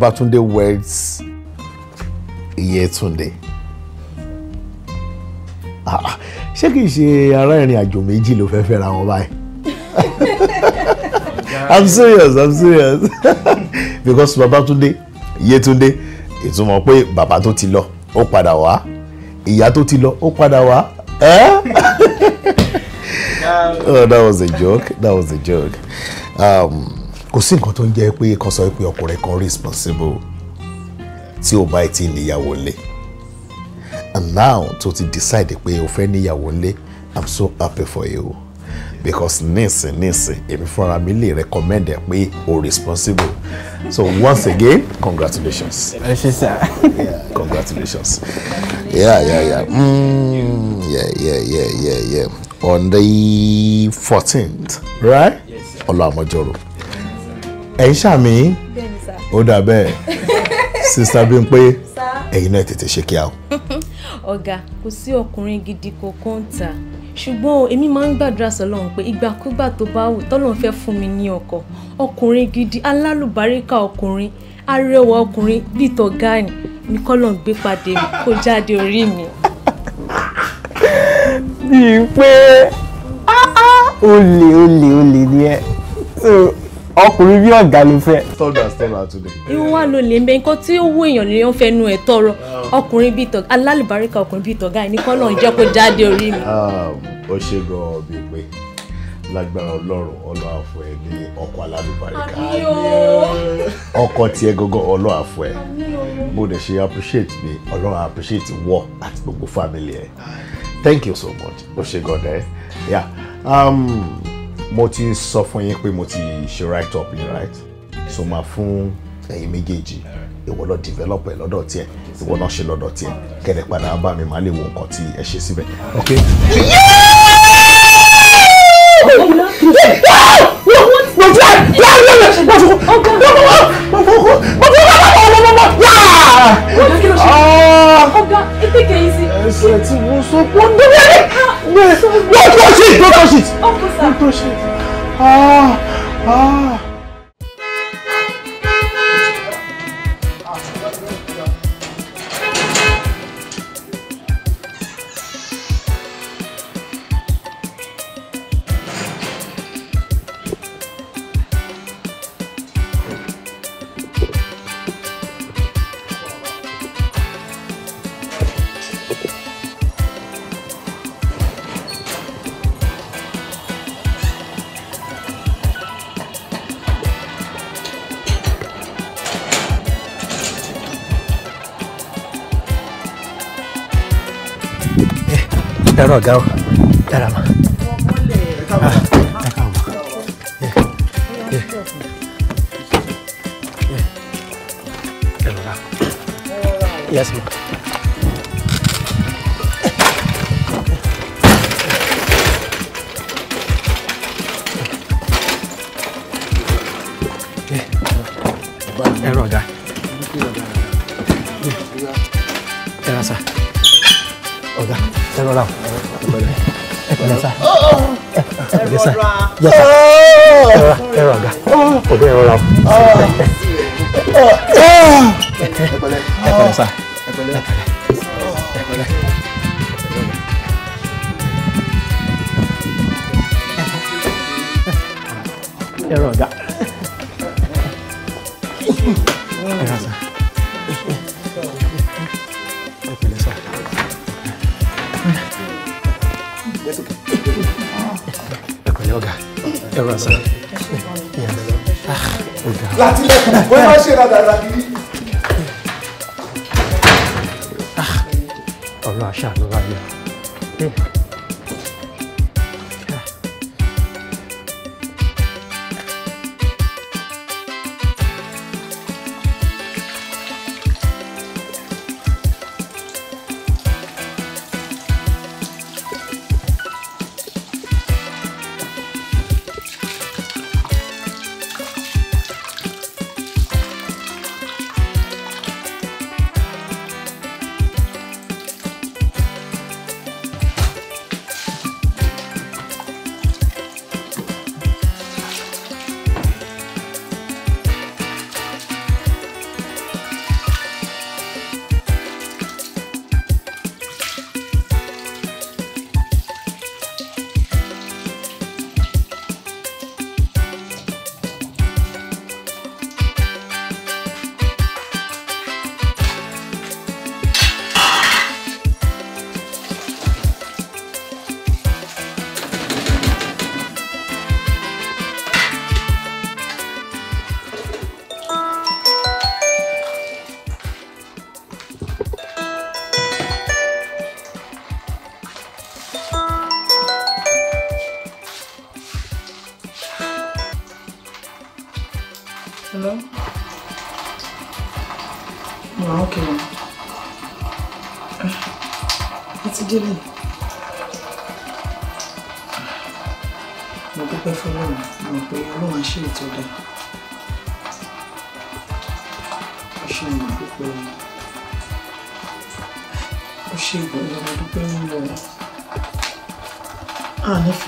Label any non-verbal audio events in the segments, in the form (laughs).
Babatunde words Iyetunde ah, ṣé kìí ṣe ará ìrìn àjò méjì ló fẹ́ẹ́ fẹ́ra wọn báyìí (laughs) i'm serious i'm serious (laughs) because Babatunde Iyetunde ìtumọ̀ pé bàbá tó ti lọ ó padà wá ìyá tó ti lọ ó padà wá. (laughs) oh that was a joke that was a joke. Um, kò sí nǹkan tó ń jẹ́ pé kan sọ pé ọkùnrin kan responsible tí o bá ti níyàwó lé and now tó ti decide pé o fẹ́ níyàwó lé i'm so happy for you because nísìn nísìn èmi fúnra mi lè recommend ẹ pé o responsible so once again congratulations. congratulations. yeah yeah yeah mm, yeah yeah yeah yeah yeah on the fourteenth right. yes sir. ọlọ́àmọ́jọ́rò ẹ̀yin sàmì ó dà bẹ́ẹ̀ (laughs) sista Bímpé ẹ̀yin náà tètè ṣe kíá o. (laughs) ọ̀gá kò sí ọkùnrin gidi kò kóńtà ṣùgbọ́n èmi máa ń gbàdúrà sọ́lọ́run pé ìgbàkúgbà tó bá wù tọ́lọ́run fẹ́ fún mi ní ọkọ ọkùnrin gidi alálùbáríkà ọkùnrin arẹwà ọkùnrin bíi tọ̀gá ni mi kọ́lọ̀ ń gbé pàdé mi kó jáde orí mi. bíi pé ah, ah. olè olè olè ni ẹ ọkùnrin bí ọ̀gá ló fẹ́. stop that stop that today. irun wa ló lè ń bẹ nǹkan tí ó wú èèyàn lèèyàn fẹ́ nu ẹ̀ tọrọ ah. ọkùnrin bíi tọ̀gá alálùbáríkà ọkùnrin bíi tọ̀gá ẹ̀ ní kọ́ jẹ́ kó jáde orí mi. Ah, ó ṣe gan-an bíi pé lágbára ọlọ́run ọlọ́run àfọ ẹ ní ọkọ alálùbáríkà ọkọ tiẹ̀ gangan ọlọ́run àfọ ẹ bó dẹ̀ ṣe appreciate mi ọlọ́run appreciate wọ àti gbogbo family ẹ thank you so much ó ṣe gan-an mo ti sọ fún yín pé mo ti ṣe right up ni right so máa fún ẹ̀yin méjèèjì ìwọ lọ develop ẹ lọ́dọ̀ tiẹ̀ ìwọ náà ṣe lọ́dọ̀ tiẹ̀ kẹdẹ padà bá mi máa lè wo nǹkan tí ẹ ṣe síbẹ̀ ok. Yeah! ọ̀gá kí ló ṣe ọ̀gá ìpèkè yìí sí. ẹsẹ̀ tí mo sọ pé ń dúró rẹ̀ no touch it no touch it no touch it. Have a go. yes sir ẹ̀rọ ẹ̀rọ àga òde ẹ̀rọ ra o. Oh! ẹ̀pẹ̀lẹ́ sá ẹ̀pẹ̀lẹ́ ẹ̀pẹ̀lẹ́. Foi mais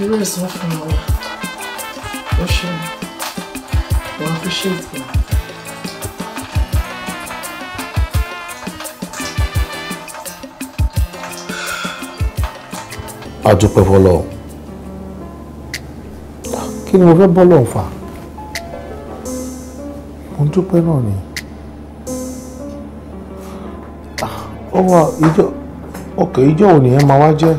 irú ẹ̀sán fún ọ ó ṣe wọ́n appreciate me. adúpẹ́ fọlọ́ kí ni mo fẹ́ bọ́ lọ́hùn fà mo dúpẹ́ náà ni ah, ọwọ́ ìjọ ọkọ̀ ìjọ òní ẹ máa wá jẹ́.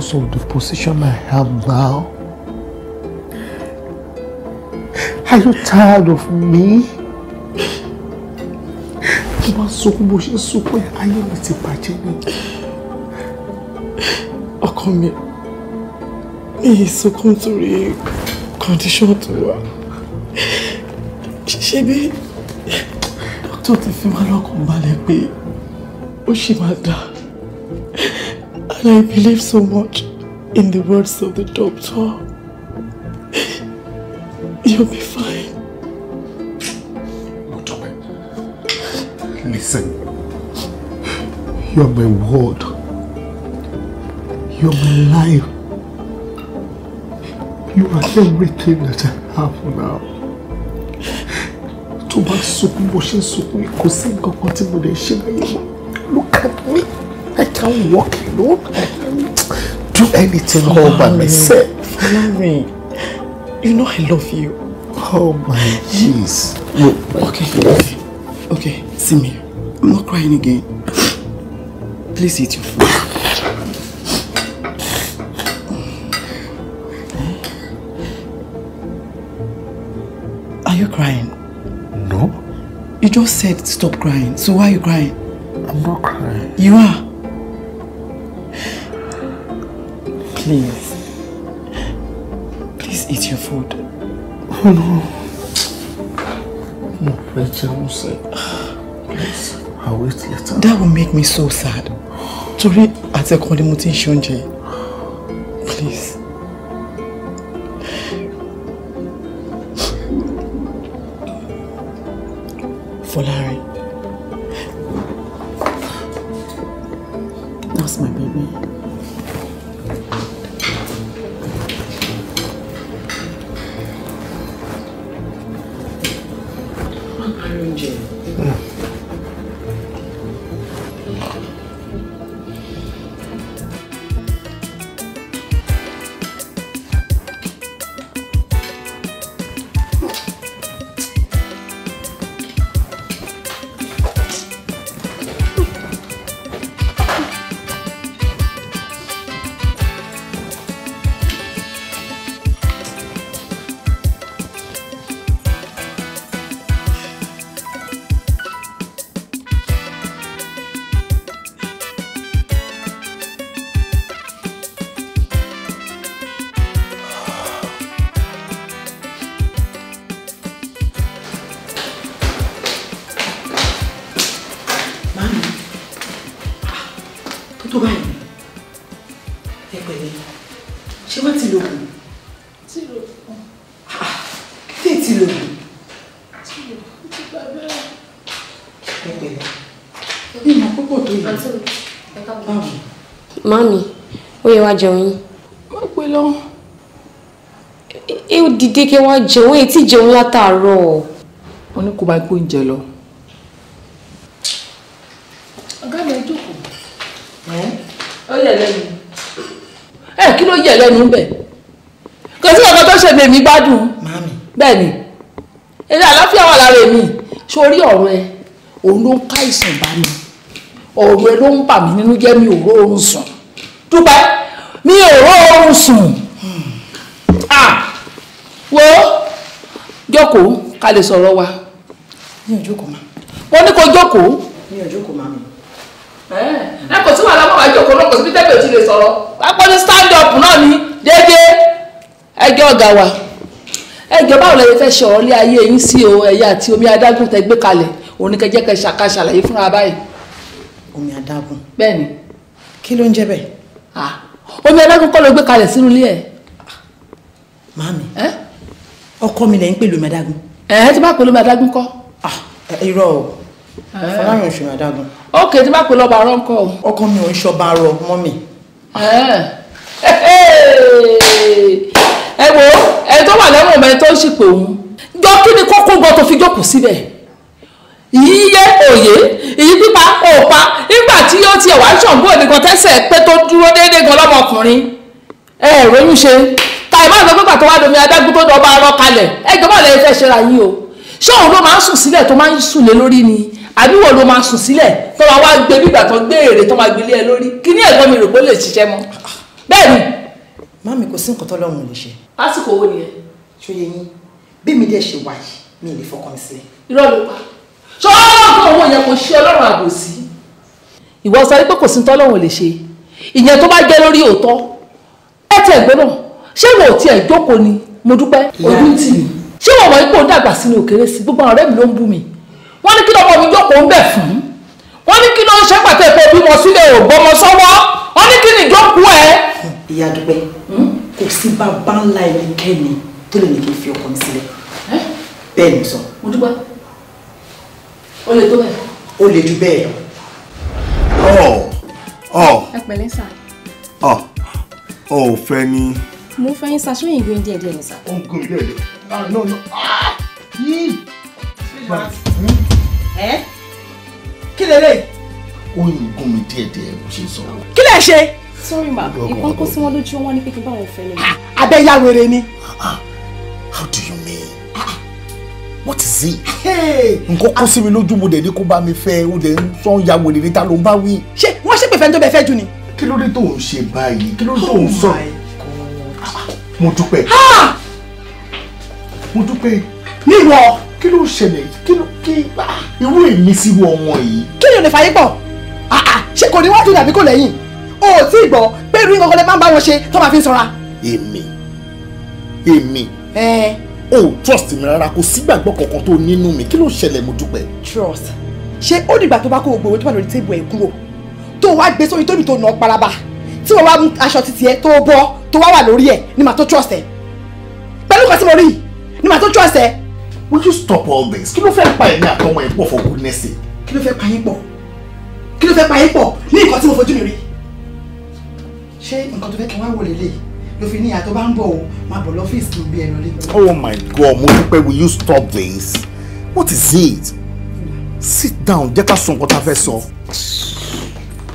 because of the position I have now? Are you tired of me? Mo máa ń sunkún bó ṣe ń sunkún ẹ̀ ayé mi ti bàjẹ́ ni. Ọkọ mi, èyí sunkún torí kọ́ndíṣọ̀n tó wà. Ṣé bí dókítà ti fi wá lọ́kàn balẹ̀ pé ó ṣì máa dáa? I believe so much in the words of the doctor. (laughs) You'll be fine. Mutope, listen. You're my world. You're my life. You are everything that I have now. tó bá sunkún bó ṣe ń sunkún kò sí look at me. can't walk alone. do anything Larry, all by myself. Larry, you know I love you. Oh my jeez. Okay. Okay, see me. I'm not crying again. Please eat your food. Are you crying? No. You just said stop crying. So why are you crying? I'm not crying. You are? Please. Please eat your food. Oh no. No, say, Please. I'll wait later. That will make me so sad. Sorry, àtẹ̀kọ́ ni mo ti ń wá jẹun yín. má pè lọ́wọ́ ẹ ó dìde kẹ wá jẹun ẹ tí jẹun látàárọ̀. wọ́n ní kó máa gbó oúnjẹ lọ. ọ̀gá mi ò jókòó. ó yẹ lẹ́nu. ẹ kí ló yẹ lẹ́nu bẹ́ẹ̀ kò sí ọ̀gá tó ṣe mèmí gbádùn. màámi. bẹ́ẹ̀ ni eré àlàáfíà wà lára èmi sórí ọ̀rọ̀ ẹ òun ló ń ká ìsàn bá mi ọ̀rọ̀ ẹ ló ń bà mí nínú jẹ́ mi ò rórun sùn dúpẹ́ oorun sùn ah, wo jókòó ká lè sọ̀rọ̀ wa mi ní kó jókòó ma mi ẹ kò sí wàhálà máa jókòó tẹ́lẹ̀ lè sọ̀rọ̀ ní stand up náà ni déédéé ẹjọ́ ọ̀gá wa ẹjọ́ báwo lẹ fẹ́ ṣe lé ayé yín sí o ẹ̀yà àti omi adágún tẹ gbé kalẹ̀ òun ni kẹjẹ́ kẹ ṣàkàṣàlàyé fúnra báyìí. omi adágún. bẹẹni kí ló ń jẹ ah omi adágún kọ́ ló gbé kalẹ̀ sínú ilé ẹ̀. màámi ọkọ mi lẹ́yìn pẹ̀lú omi adágún. ẹ ẹ ti bá pẹ̀lú omi adágún kọ́. Ah, irọ́ o fọláyàn oṣù mi adágún. ókè tí bá pẹ̀lú ọba arọ ńkọ́ o. ọkọ mi ò ń ṣọba arọ mọ́ mi. ẹ wo ẹ tó wà lẹ́wọ̀n ọmọ ẹ tó ń ṣìpè òun jọ kí ni kókó gan tó fi jókòó síbẹ̀ yíyé òye èyí pípa òpa nígbà tí yóò tiẹ̀ wá ṣọ̀ǹgó nìkan tẹ́sẹ̀ pé tó dúró déédéé gan lọ́mọkùnrin ẹ ronú ṣe tàìmọ́ àgbẹ̀ pípa tó wá domi adágún tó dọba arọ kalẹ̀ ẹ jọba lẹ́yìn fẹ́ ṣe ra yín o ṣé òun ló máa ń sùn sílẹ̀ tó máa ń sùn lé lórí ni àbí wọ́n ló máa sùn sílẹ̀ tó máa wá gbé bígbà tó gbé èrè tó máa gbélé ẹ lórí kí ní ẹ̀gbọ́n mi rò pé ó lè ṣiṣẹ́ mọ́ bẹ́ẹ̀ ni. mami kò sí nǹkan tó lọ́rùn lè ṣe. lásìkò owó nìyẹn. ṣòye yín bí mi dẹ̀ ṣe wáyé mi ì lè fọkàn sílẹ̀. irọ́ ló pa ṣọ́ọ́rọ́ owó yẹn kò ṣe ọlọ́run àbòsí. ìwọ sọ pé kò sí tọ́lọ́run ò lè ṣe ìyẹn tó bá jẹ́ lórí òótọ́ ẹ tẹ̀ ẹ̀gbẹ́ náà ṣé ìwọ ò tiẹ̀ jókòó ni mo dúpẹ́ ojú ń tì mí ṣé ìwọ wọ̀nyí kò dàgbà sínú òkèrè sí gbogbo ọ̀rẹ́ mi ló ń bú mi wọ́n ní kí lọ́mọ mi jókòó ń bẹ̀ fún wọ́n ní kí ló ń ṣe pàtẹ́pẹ́ bímọ sílẹ̀ ò gbọ́mọ sọ́wọ́ wọ́n ní kí ni ìjókòó ẹ̀. ìyá dúpẹ́ hmm? kò sí bàbá ńlá ẹnikẹ́ni tó lè ní kí fi ọkọ mi sílẹ̀ bẹ́ẹ̀ ni sọ. mo dúpẹ́ ó lè tó bẹ́ẹ̀. ó lè ju bẹ́ẹ̀ lọ. ọ ọ. ẹ pẹ̀lẹ́ sà. ọ ọ ò fẹ́ ni. mo fẹ́ yín sa sóyìn gbé díẹ̀ díẹ̀ ni sà. ó ń gún díẹ̀ díẹ̀ ah no no ah yìí. ẹ kí lè lè. ó ń gún mi díẹ̀ díẹ̀ ṣe sọ. kí lè ṣe. sorry ma nǹkan kó sí wọn lójú wọn ní pé kí n bá wọn fẹ́ lẹ́yìn. Ah, abẹ́ yá wèrè ni. Ah, ah. how do you what is it. nǹkan kó sí mi lójú mo dẹ̀ ní kó bá mi fẹ́ o dẹ̀ ń sọ ya wèrè níta ló ń bá wí. ṣé wọ́n ṣépè fẹ́ni tó bẹ fẹ́ jù ni. kí ló dé tó ń ṣe báyìí kí ló dé tó ń oh sọ mo dúpẹ́ mo dúpẹ́. níwọ. kí ló ṣẹlẹ̀ kí ló kí ah, irú èmi sí irú ọmọ yìí. kí ni ò lè fàyè pọ̀ ah, ah, ṣé kò ní wọ́n tún dàbí kò lẹ́yìn o ò tí ì gbọ́ pé irú ìgbọ̀ngàn lè máa ń bá wọn ṣe tó máa fi ń sanra. èmi èmi. ẹ ẹ o ò trust mi rárá kò sígbàgbọ́ kankan tó nínú mi kí ló ṣẹlẹ̀ mo dúpẹ́. trust ṣé ó dìgbà tó bá kó gbogbo tó bá lórí tébù ẹ̀ kúrò tó wá gbé sórí tóbi tó nà paraba tí wọ́n wá mú aṣọ títì ẹ tó bọ́ tó wá wà lórí ẹ̀ ni màá tó trust ẹ pẹ̀lú kan tí mo rí ni màá tó trust ẹ. will you stop all this kí ló fẹ́ pa ẹ̀mí àtọmọ ẹ̀ pọ̀ for goodness sake. kí ló fẹ́ pa yín pọ̀ kí ló fẹ́ pa yín pọ̀ ní nǹkan tí mo fojú mi rí ṣé nǹkan tó fẹ́ kí wọ́n á wọlé léyìí ló fi níyà tó bá ń bọ̀ o máa bọ̀ lọ́fíìsì tó gbé ẹ lọlé. oh my god mo dúpẹ́ will you stop this what is it sit down jẹ́ ká sọ nǹkan tá a fẹ́ sọ.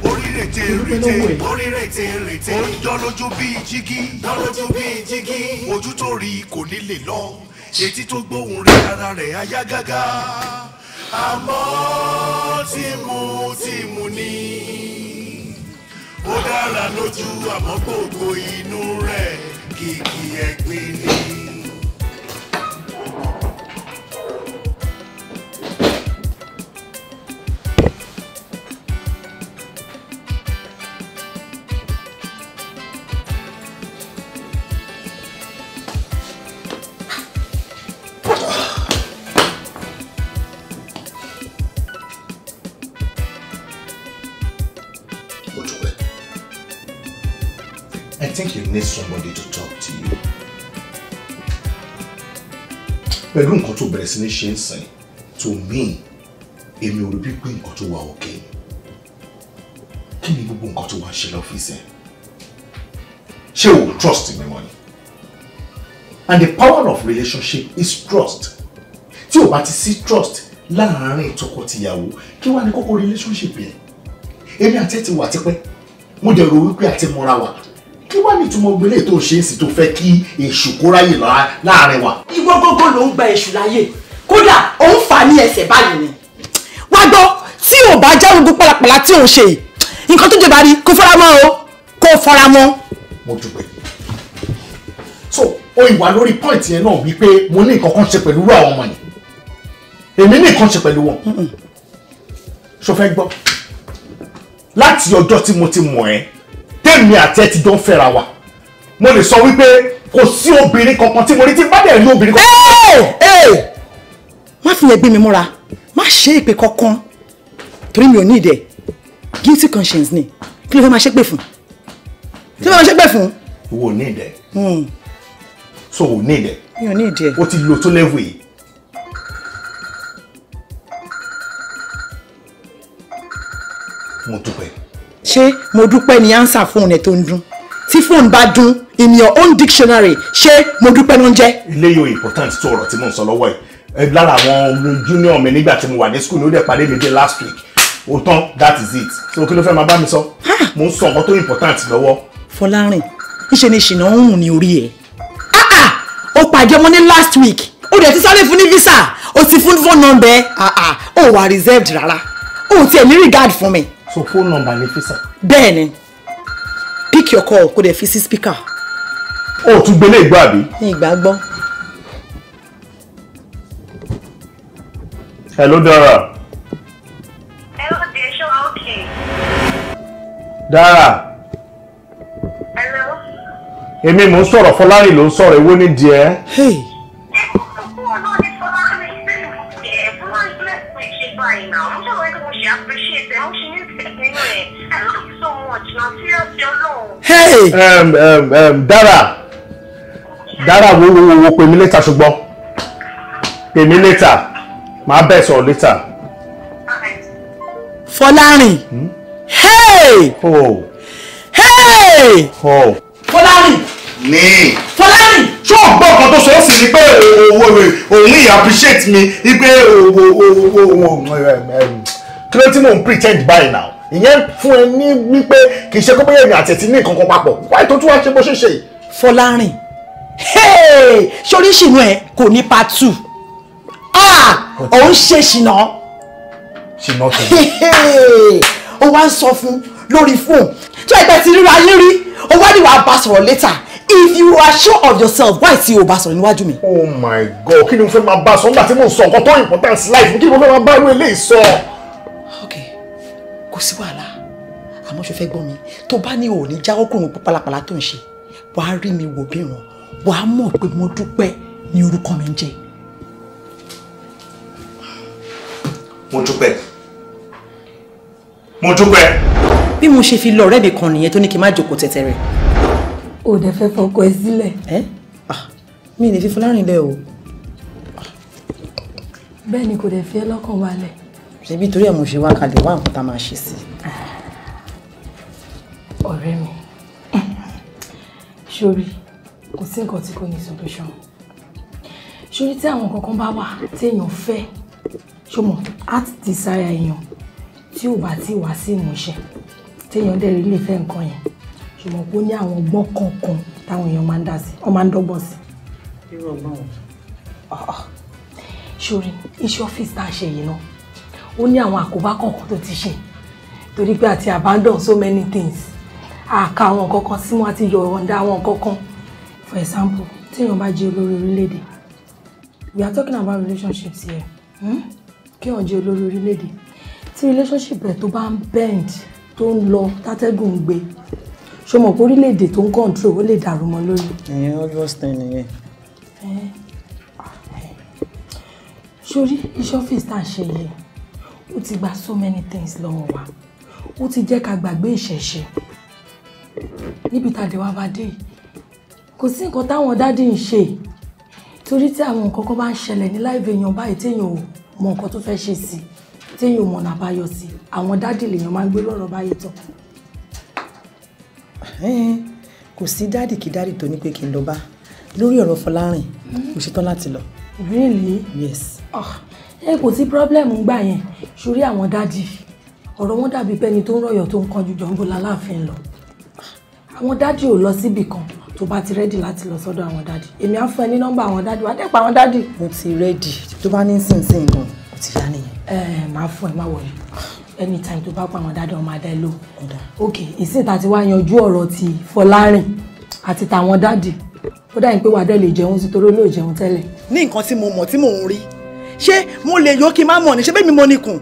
orílẹ̀-èdè rètè orílẹ̀-èdè rètè ó ń lójú bíi jígí dán lójú bíi jígí ojú tó rí kò ní lè lọ etí tó gbóhùn rí ara rẹ̀ ayá gágá àmọ́ tìmùtìmù ni ó dára lójú àmọ́ gbogbo inú rẹ̀ kìkì ẹ̀gbin ni. need somebody to talk to you. pẹ̀lú nǹkan tó bẹ̀rẹ̀ sí ní ṣe ń sìn to me èmi ò rí bí pé nǹkan tó wà òkè ni kí ni gbogbo nǹkan tó wà ṣe lọ́fíìsì ẹ̀ ṣé o trust mi mọ́ and the power of relationship is trust tí o bá ti sí trust láàárín tọkọtìyàwó kí wàá ní kókó relationship yẹn èmi àti ẹ ti wà tipẹ́ mo dẹ̀ wípé àti mọ́ra wà kí wàá ní ìtumọ̀ gbélé tó ṣe é sì tó fẹ́ kí èṣù kó ráyè láàrin wa. ìwọ gbogbo ló ń gba èṣù láyè kódà òun fà á ní ẹsẹ̀ báyìí ni. wá gbọ́ tí ò bá jẹ́ ogun pàlàpàlà tí òun ṣe yìí nǹkan tó jẹba rí kó fara mọ́ o kó fara mọ́. mo dúpẹ́ so o ìwà lórí pọ́ìntì yẹn náà wípé mo ní nǹkan kan ṣe pẹ̀lú irú àwọn ọmọ yìí èmi ní nǹkan ṣe pẹ̀lú wọn ṣo fẹ́ gbọ́ láti ọjọ́ tí mo ti mọ̀ ẹ́ èmi àti ẹ ti jọ ń fẹ́ra wa mo lè sọ wípé kò sí obìnrin kankan tí mo rí tí bá dẹ̀ rí obìnrin kankan. má fi yẹn gbé mi múra má ṣe ìpè kankan torí mi ò ní ìdẹ guilty conscience ni kí ló fẹ́ máa ṣépè fún kí ló fẹ́ máa ṣépè fún. ìwọ ní ìdẹ hmm. so ò ní ìdẹ mi ò ní ìdẹ o ti lo tó lẹ́wọ̀ yìí. mo dúpẹ́ ṣé mo dúpẹ́ ni ánsà fóònù ẹ̀ tó ń dún tí fóònù bá dún in your own dictionary ṣé mo dúpẹ́ ló ń jẹ́. eléyìí important tó ọ̀rọ̀ tí mò ń sọ lọ́wọ́ yìí lára àwọn junior mi nígbà tí mo wà ní school ló dẹ̀ pàdé mi dé last week ó tán that is it so kí ló fẹ́ máa bá mi sọ ah! mo ń sọ nǹkan tó important lọ́wọ́. fọlárìn níṣẹ́ ni ṣìnà ń hùn ní orí ẹ̀ ah, ah! ó pàdé ọmọ ní last week ó dẹ̀ ti sáré fún ní visa ó ti fún phone number ẹ̀ ó wà reserved rárá ti tiẹ̀ ní regard fún mi so phone number ni fisa. bẹ́ẹ̀ni pick your call kó dẹ fi sí speaker. o ò tún gbélé ìgbà àbí. ní ìgbà gbọ́. hello Dara. hello dear ṣé wàá okay. Dara. hello. èmi mò ń sọ̀rọ̀ Fọlárìn ló ń sọ̀rọ̀ èwo ni díẹ̀. Hey. Hey. Um, um, Dara Dara wo wo wo pè mí later ṣùgbọ́n pè mí later màá bẹ̀ sọ̀rọ̀ later. Fọlárin. Hey. Oh. Hey. Oh. Fọlárin. Ní. Fọlárin. Ṣé o gbọ́ nǹkan tó sọ ó sì ní pé òun yìí appreciate mi ní pé kí ló tí mò ń pretend báyìí now ìyẹn fún ẹ ní wípé kì í ṣe kópa èmi àti ẹtì ní ìkankan papọ̀ wáyé tó tún wá ṣe bó ṣe ṣe. fọlárìn sórí ìṣìnà ẹ kò ní part two òun ah! ṣe ṣìnà ó wá ń sọ fún lórí fóònù tó ẹgbẹ́ ti ríra yín rí ó wá ní bá sọ̀rọ̀ later if you are sure of yourself why tí o bá sọ̀rọ̀ níwájú mi. oh my god kí ni mo fẹ́ máa bá a sọ nígbà tí mo sọ nǹkan tó important life kí ni mo fẹ́ máa bá irú eléyìí sọ kò sí wàhálà àmọ́ ṣe fẹ́ gbọ́ mi tó bá ní òní jáwọ́ kúrò gbogbo pálapàla tó ń ṣe wàá rí mi wò bí ràn wàá mọ̀ pé mo dúpẹ́ ní orúkọ mi ń jẹ́. mo dúpẹ́ mo dúpẹ́. bí mo ṣe fi lọ ọ̀rẹ́ mi kan nìyẹn tó ní kí n má jókòó tẹ̀tẹ̀rẹ̀. o ò dẹ̀ fẹ́ fọkọ ẹ sílẹ̀. ẹ ah, mi ò ní fi Fọlárìn lẹ o. bẹ́ẹ̀ ni kò dẹ̀ fi ẹ́ lọ́kàn balẹ̀ ṣebí torí ẹ̀ mo ṣe wá kalẹ̀ wá nǹkan tá a máa ṣe sí. ọ̀rẹ́ mi sórí kò sí nǹkan tí kò ní solution sórí tí àwọn kankan bá wà téèyàn fẹ́ ṣọmọ art desire èèyàn tí ò bá ti wá sí ìmúṣẹ téèyàn dẹ̀ rí lè fẹ́ nǹkan yẹn ṣùgbọ́n kó ní àwọn ọgbọ́n kọ̀ọ̀kan táwọn èèyàn máa ń dá sí ọ máa ń dọ́gbọ́n sí. irú iṣẹ́ ọ́fíìsì tá a ṣe yìí náà ó ní àwọn àkóbá kọ̀ọ̀kan tó ti ṣe torí pé àti abandon so many things àka àwọn kankan símú àti yọ̀ọ̀ǹda àwọn kankan for example téèyàn bá jẹ́ olórí orílẹ̀-èdè we are talking about relationships here hmm? kéèyàn jẹ́ olórí orílẹ̀-èdè tí relationship rẹ̀ tó bá ń bend tó ń lọ tátẹ́gùn ń gbé ṣo mọ̀ pé orílẹ̀-èdè tó ń control ó lè dàrú mọ́ lórí. ẹ̀yin obvious thing nìyẹn. sórí iṣẹ́ ọ́fíìsì tá à ń ṣe yìí ó ti gba so many things lọ́wọ́ wa ó ti jẹ́ ká gbàgbé ìṣẹ̀ṣe níbi tàdé wa bá dé kò sí nǹkan táwọn dádì ń ṣe torí tí àwọn nǹkan kan bá ń ṣẹlẹ̀ ní láìpẹ́ èèyàn báyìí téèyàn ò mọ nǹkan tó fẹ́ ṣe sí téèyàn ò mọ̀nà àbáyọ sí àwọn dádì lèèyàn máa ń gbé lọ́rọ̀ báyìí tán. kò sí dádì kí dádì tó ní pé kí n lọ bá lórí ọ̀rọ̀ Fọlárìn hmm? mo ṣetán láti lọ. really yes. Oh ẹ kò sí problem gbà yẹn sórí àwọn dádì ọ̀rọ̀ wọn dàbí pẹ́ni tó ń rọ̀yọ̀ tó ń kanjú jọ̀ǹgbò láláàfin lọ àwọn dádì ò lọ síbì kan tó bá ti rẹ́dì láti lọ sọ́dọ̀ àwọn dádì èmi á fún ẹ ní nọ́mbà àwọn dádì wà á dẹ́pọ̀ àwọn dádì. mo ti rẹ́dì tó bá ní sínsìn gan o ti yá nìyẹn. ẹ ẹ máa fún ẹ má wọlé anytime tó bá pa àwọn dádì ọmọ adá ẹ ló. ok ìsìn ta ti wá yanjú ọ̀rọ̀ ti Fọlárìn àti tàwọn dádì ó dà yín pé wàá dẹ́ lè jẹun sí ṣé mo lè yọ kí n má mọ̀ ní ṣé bẹ́ẹ̀ mi mo nìkùn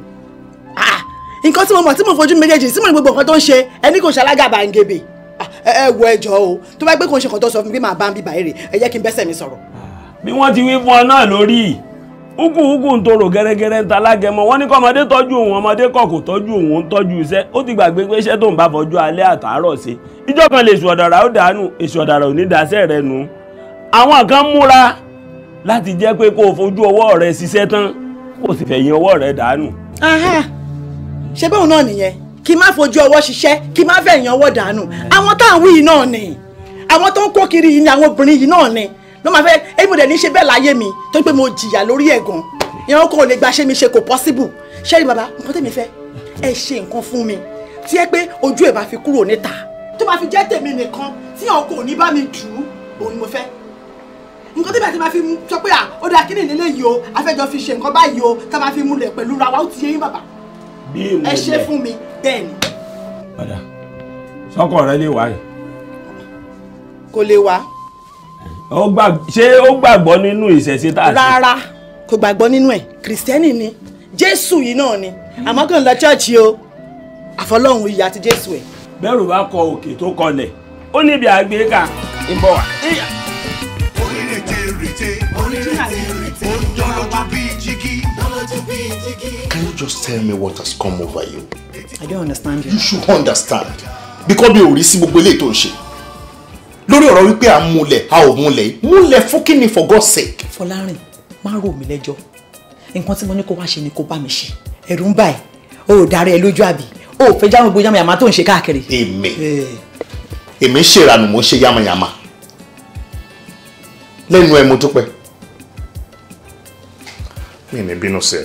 ah, nǹkan tí mo mọ̀ tí mo fojú méjèèjì sí mo ní gbogbo nǹkan tó ń ṣe ẹni kò ṣalága bàǹgẹ̀bẹ̀ ah, ẹ wo ẹjọ́ o tó bá gbé kò ń ṣe nǹkan tó sọ fún mi bí màá bá ń bí bàá rè ẹ jẹ́ kí n bẹ́sẹ̀ mi sọ̀rọ̀. Ah, bí wọ́n ti wí fún ọ náà lórí ugun ugun ń toro gẹ́rẹ́gẹ́rẹ́ ń ta lágẹmọ wọ́n ní kọ́ ọmọdé tọ́jú òun ọmọdé kọ̀ kò tọ́jú òun ń tọ́jú iṣẹ́ ó ti gbàgbé pé iṣẹ́ tó ń bá fọjú alẹ́ àtàárọ̀ ṣe ìjọ lè ṣù ọ̀dàrà ó dànù èṣù ọ̀dàrà ò ní dasẹ́ rẹ nù. àwọn kan múra láti jẹ́ pé kó o fojú ọwọ́ rẹ ṣiṣẹ́ tán kó o sì fẹ̀yìn ọwọ́ rẹ dànù. ṣé báwo náà nìyẹn kí n má fojú ọwọ́ ṣiṣẹ́ kí n má fẹ̀yìn ọwọ́ dànù àwọn tá à ń wí yìí náà ni àwọn tó ń kó kiri yìí ni àwọn obìnrin yìí náà ni ló máa fẹ́ èmi dẹ̀ ní ṣe bẹ́ẹ̀ láyé mi tó ń pẹ́ mo jìyà lórí ẹ̀gàn ìran kan ò lè gba ṣé mi ṣe kò possible ṣé rí bàbá nǹkan tẹ̀mí fẹ́ ẹ ṣe nǹkan fún mi tí ẹ pé ojú ẹ̀ bá fi kúrò níta tó bá fi jẹ́ tèmi nìkan tí ọkọ̀ ò ní bá mi dùn òun ni mo fẹ́ nǹkan tí bàtí máa fi sọ pé ó dáa kí ni ìlélẹ́ yìí o afẹ́jọ́ fi ṣe nǹkan báyìí o tá máa fi múlẹ̀ pẹ̀lú ra wa ó ti yé yín bàbá. bí èmi ẹ ṣe fún mi bẹ́ẹ̀ ni. padà sọ́kọ̀ rẹ lè wá yìí. kò lè wá. ṣé ó gbàgbọ́ nínú ìṣẹ̀ṣe tá a ṣe. rárá kò gbàgbọ́ nínú ẹ̀ kìrìsìtẹ́nì ni jésù yìí náà ni àmọ́ kò ń lọ ṣọ́ọ̀ṣì o àfọlọ́hún ìyá àti jésù ẹ̀. bẹ́ẹ̀rù bá kọ òkè tó kọlẹ̀ ó níbi àgbéká ń bọ̀ wá. Can you just tell me what has come over you? I don't understand you. You should understand. Because you ò rí sí gbogbo eléyìí tó ń ṣe. Lórí ọ̀rọ̀ wípé à ń múlẹ̀, a ò múlẹ̀. Múlẹ̀ fún kíni for God's sake. Fọlárin, má rò mí lẹ́jọ́. Nǹkan tí mo ní kó wá ṣe ni kó bá mi ṣe. Ẹ̀rù ń bà ẹ́, o ò darí ẹ lójú àbí, o ò fẹ́ jáwé gbogbo yàmàyàmà tó ń ṣe káàkiri. Èmi, èmi ń ṣèrànù, mò ń ṣe yàmàyàmà. Lẹ́nu ẹ̀ mo dúpẹ́ mi ní bínú se.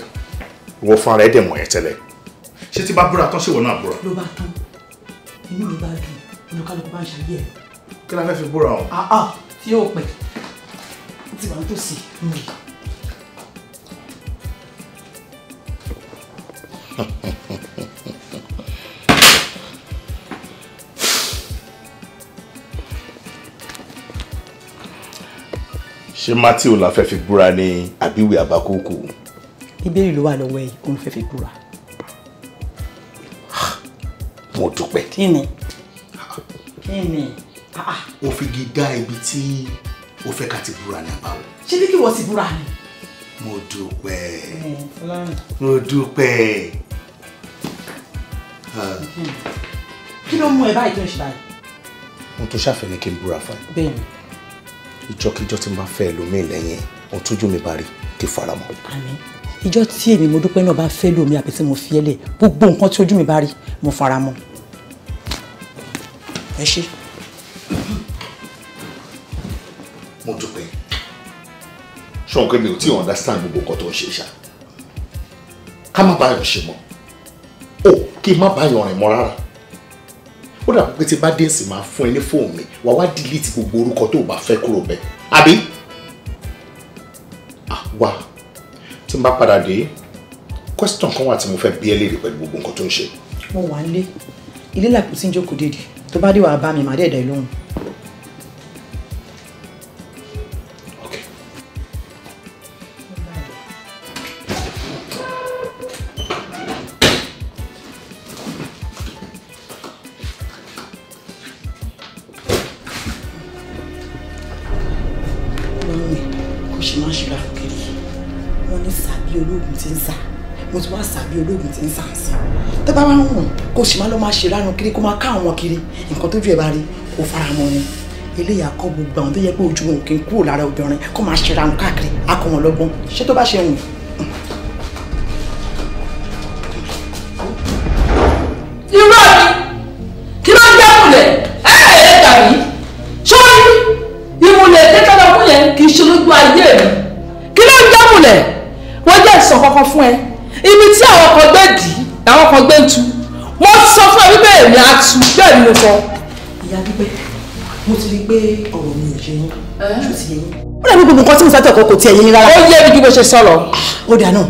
ẹ wọ fún ara ẹ dẹ̀ mọ̀ yẹn tẹ́lẹ̀ ṣé tí bá búra tán ṣèwọ náà búra. ló bá tán inú mi bá dùn olùkálùkù bá ń ṣàyẹ ẹ. kí la fẹ́ fi búra o. àá ah, ah, tí yóò pẹ́ tí wàá tó sí i. Ha ṣé matthew la fẹ́ fi búra ní àbíwẹ̀ àbákòókò. ìbéèrè ló wà lọ́wọ́ ẹ̀ kó ló fẹ́ fi búra. mo dúpẹ́. kí ni kí ni. Ah, ah. o fi gi dá ibi tí o fẹ́ ká ti búra ní àbáwọ̀. ṣé bí kí wọ́n ti búra ni. mo dúpẹ́ mo dúpẹ́. Ah. kí ló mú ẹ báyìí tó ń ṣe báyìí. mo tún ṣàfẹ́ ní kí n búra fún ẹ. bẹ́ẹ̀ ni ìjọkíjọ́ tí n bá fẹ́ lómi lẹ́yìn ohun tójú mi bá rí kí faramọ́. àmín ìjọ tí èmi mo dúpẹ́ náà bá fẹ́ lómi àbí tí mo fi ẹ́ lẹ̀ gbogbo nǹkan tí ojú mi bá rí mo faramọ́. ẹ ṣe. mo dúpẹ́ ṣọ́n mi ò tí ì understand gbogbo nǹkan tó ń ṣe ṣá ká má báyọ̀ ṣe mọ́ o kí n má báyọ̀ rìn mọ́ rárá ó dàbí pé tí bá dé ǹsìn máa fún ẹ ní fóònù wà wá delete gbogbo orúkọ tó o bá fẹ́ kúrò bẹ́ẹ̀ àbí àwa tí n bá padà dé question kan wà tí mo fẹ́ bi ẹ́ léèrè pẹ̀lú gbogbo nǹkan tó ń ṣe. mo wà ń lé ilé làpótí ń jókòó dédé tó bá dé wàá bá mi màá dẹ̀ dẹ̀ lóhùn. kó sì máa lọ máa ṣe lánàá kiri kó máa ká àwọn kiri nǹkan tójú ẹ bá rí kó fara mọ́ ni eléyà kọ gbogbo àwọn tó yẹ pé ojú wọn kì í kúrò lára obìnrin kó máa ṣe ra káàkiri akọ lọ́gbọ́n ṣé tó bá ṣe wù sọ. ìyá gbígbẹ́ mo ti rí i pé ọ̀rọ̀ mi ò ṣe yín ṣó ti yẹ yín. ó dàbí gbogbo nǹkan tí mo sátẹ̀kọ́ kò tiẹ̀ yé yín rárá. ó yé mi ju bó ṣe sọ lọ. ó dà náà